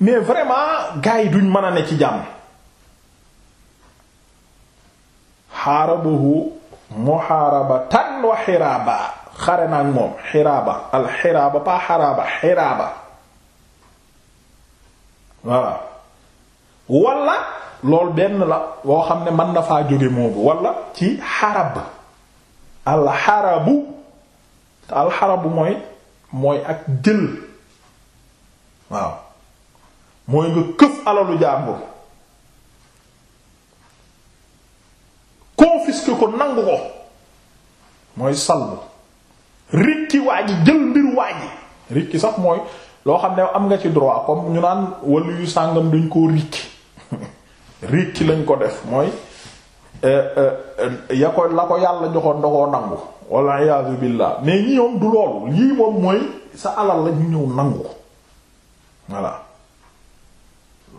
mais vraiment gars yi duñ mën a ne ci jàmm xaarabahu muxaarabatan wa xiraaba xare naag moom xiraaba alxiraaba pas xaraaba xiraaba voilà wala lool benn la boo xam ne man na faa jóge moobu wala ci xarab alxarabu te alxarabu mooy mooy ak jël waaw mooy nga këf alalu jàmbur confisque ko nangu ko mooy salbu rikki waa ji jël mbir waa ji rikki sax mooy loo xam ne am nga ci droit comme ñu naan wàllu yu sàngam dañ koo rikki [LAUGHS] rikki lañ ko def mooy eh, eh, ya ko la ko yàlla joxoon da koo nangu walla iyaazu billaah mais ñi du loolu lii moom mooy sa alal la ñu ñëw nangu voilà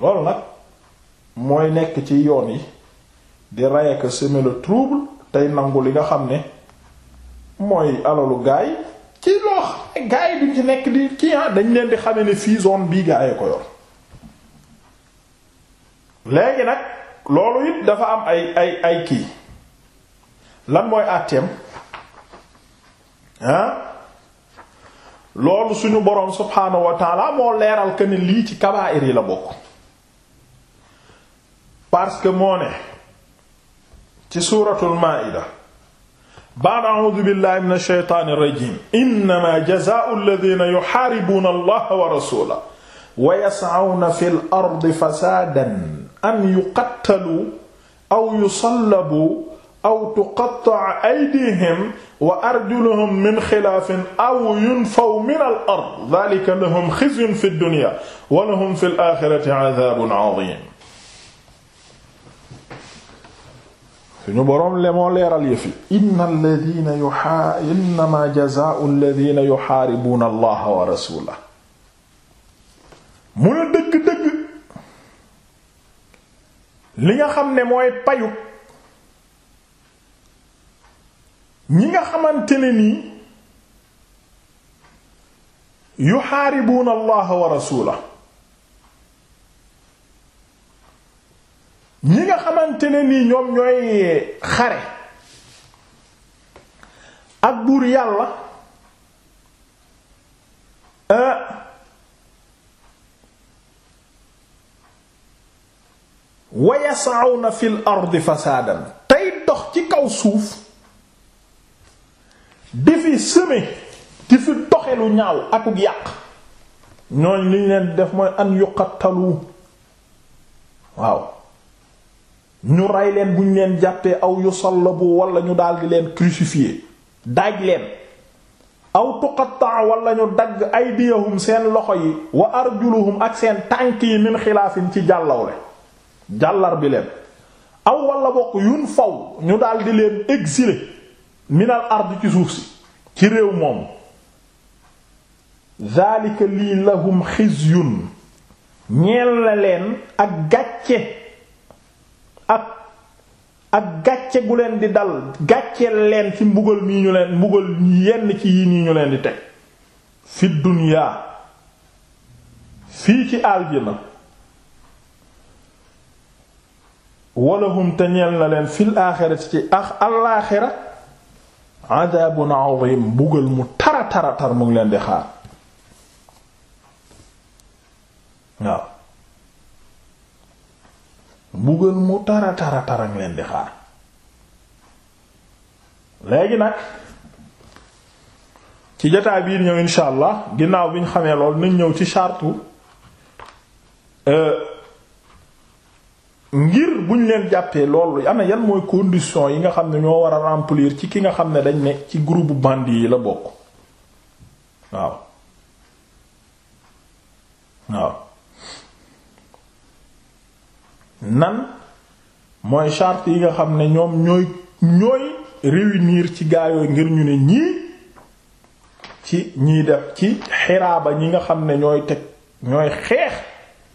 loolu nag mooy nekk ci yoon yi di rey ak semer le trouble tey nangu li nga xam ne mooy alalu gaay ci loo xam gaay duñ ci nekk di kii ah, dañ leen di xame ni fii zone bii gaay ko yor léegi nag loolu it dafa am ay ay kii lan mooy àtteem ah loolu suñu boroom subhaanahu wa moo leeral que ne lii ci kabaa'ir yi la bokk parce que moo ne ci suuratul maa'ida ba'da a'uudu billaahi mina shaytaani rajiim innamaa jazaa'u allaziina yuhaaribuuna allaha wa rasuulahu wa yas'awna fil ardi fasaadan an yuqattaluu aw yusallabuu aw tuqatta'a aydiihim wa arjuluhum min xilaafin aw yunfaw minal ard zaalika lahum xizyun fid dunyaa wa lahum fil aaxirati 'azaabun 'aziim suñu boroom le moo leeral yëf yi inna alladina yuaa innama jazaau mu ne dëgg-dëgg li nga xam ne mooy payu ñi nga xamante ne nii yuxaaribuuna allaha wa rasulah ñi nga xamante ne nii ñoom ñooy xare ak buur yàlla euh, wa yas'awna fil ardi fasaadan tey dox ci kaw suuf di fi sëme di fi doxe lu ñaaw akuk yàq ñooñ li ñu def mooy an yuqattalu waaw ñu rey leen bu ñu leen jàppee aw yusallabu wala ñu daldi leen crucifié daaj leen aw tuqatta wala ñu dagg aydiyahum seen loxo yi wa arjuluhum ak seen tànk yi min xilaafin ci jàllawle jàllar bi leen aw wala bokk yun faw ñu daldi leen exilé minal ard ci suuf si ci réew moomu daalika lii lahum xizyun ñeel na leen ak gàcce ak ak gàcce gu leen di dal gàcceel leen ci mbugal mii ñu leen mbugal yenn ci yii ñu leen di teg fi duniyaa fii ci àll aljana walahum te ñeel na leen fil aaxirati ci ax alaaxira adabun azim mbugal mu tara tara tar mu ngi leen di xaar waaw bu mbugal mu tara tara tara ngi leen di xaar léegi nag ci jotaay biir ñëw insha allah ginnaaw bi ñu xamee lool nañ ñëw ci chartu euh, ngir bu ñu leen jàppee loolu ana yan mooy condition yi nga xam ne ñoo war a remplir ci ki nga xam ne dañ ne ci groupe bandits yi la bokk waaw waaw nan mooy chart yi nga xam ne ñoom ñooy ñooy réunir ci gaayooy ngir ñu ne ñii ci ñii def ci xeraaba ñi nga xam ne ñooy teg ñooy xeex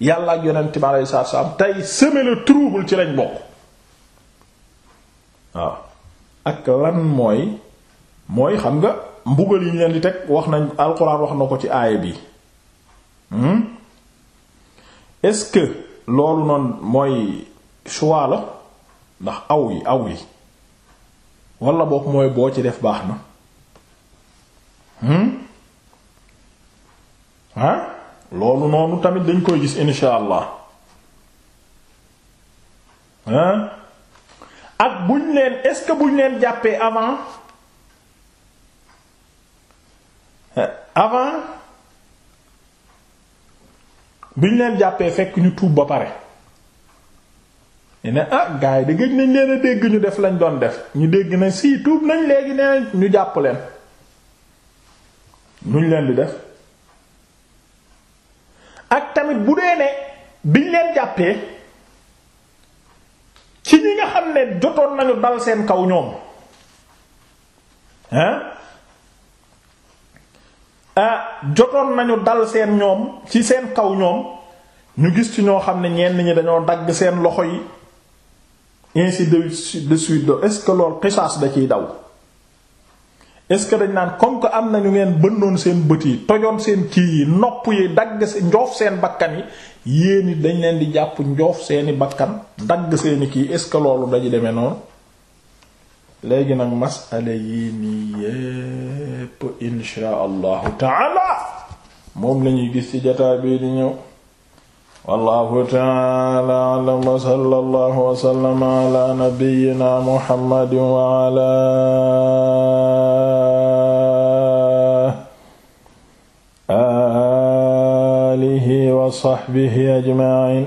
yàlla ak yonent bi aleyhi salaatu tey semer le trouble ci lañ bokk waaw ak lan mooy mooy xam nga mbugal yi ñu leen di teg wax nañ alxuraan wax na ko ci aaya bi hmm? est-ce loolu noonu mooy choix la ndax aw yi aw yi wala boog mooy boo ci def baax na hmm ah loolu noonu tamit dañ koy gis insha allah ah ak buñ leen est-ce que buñ leen jàppee avant avant bi ñu leen jàppee fekk ñu tuub ba pare ñu ne ah gars yi gëj nañ leen a dégg ñu def lañ doon def ñu dégg na si tuub nañ léegi nee ñu jàpp leen nuñ leen di def ak tamit bu dee ne biñ leen jàppee ci ñi nga xam ne jotoon nañu dal seen kaw ñoom hein Ah, jotoon nañu dal seen ñoom ci seen kaw ñoom ñu gis ci ñoo xam ne ñenn ñi dañoo dagg seen loxo yi ainsi de suite do est-ce que lool xisaas da ciy daw est-ce que dañ naan comme que am na ñu ngeen bënnoon seen bët yi tojoon seen kii yi nopp yi dagg njoof seen bakkan yi yéen it dañ leen di jàpp njoof seeni bakkan dagg seeni kii est-ce que loolu dañu demee noonu léegi nag masala yii nii yépp inshaa allahu taala moom lañuy gis ci jataa bii di ñëw wallahu taala alam wa sallallahu wa sallama ala nabiyyina muhammadin wa ala alihi wa sahbihi ajma'in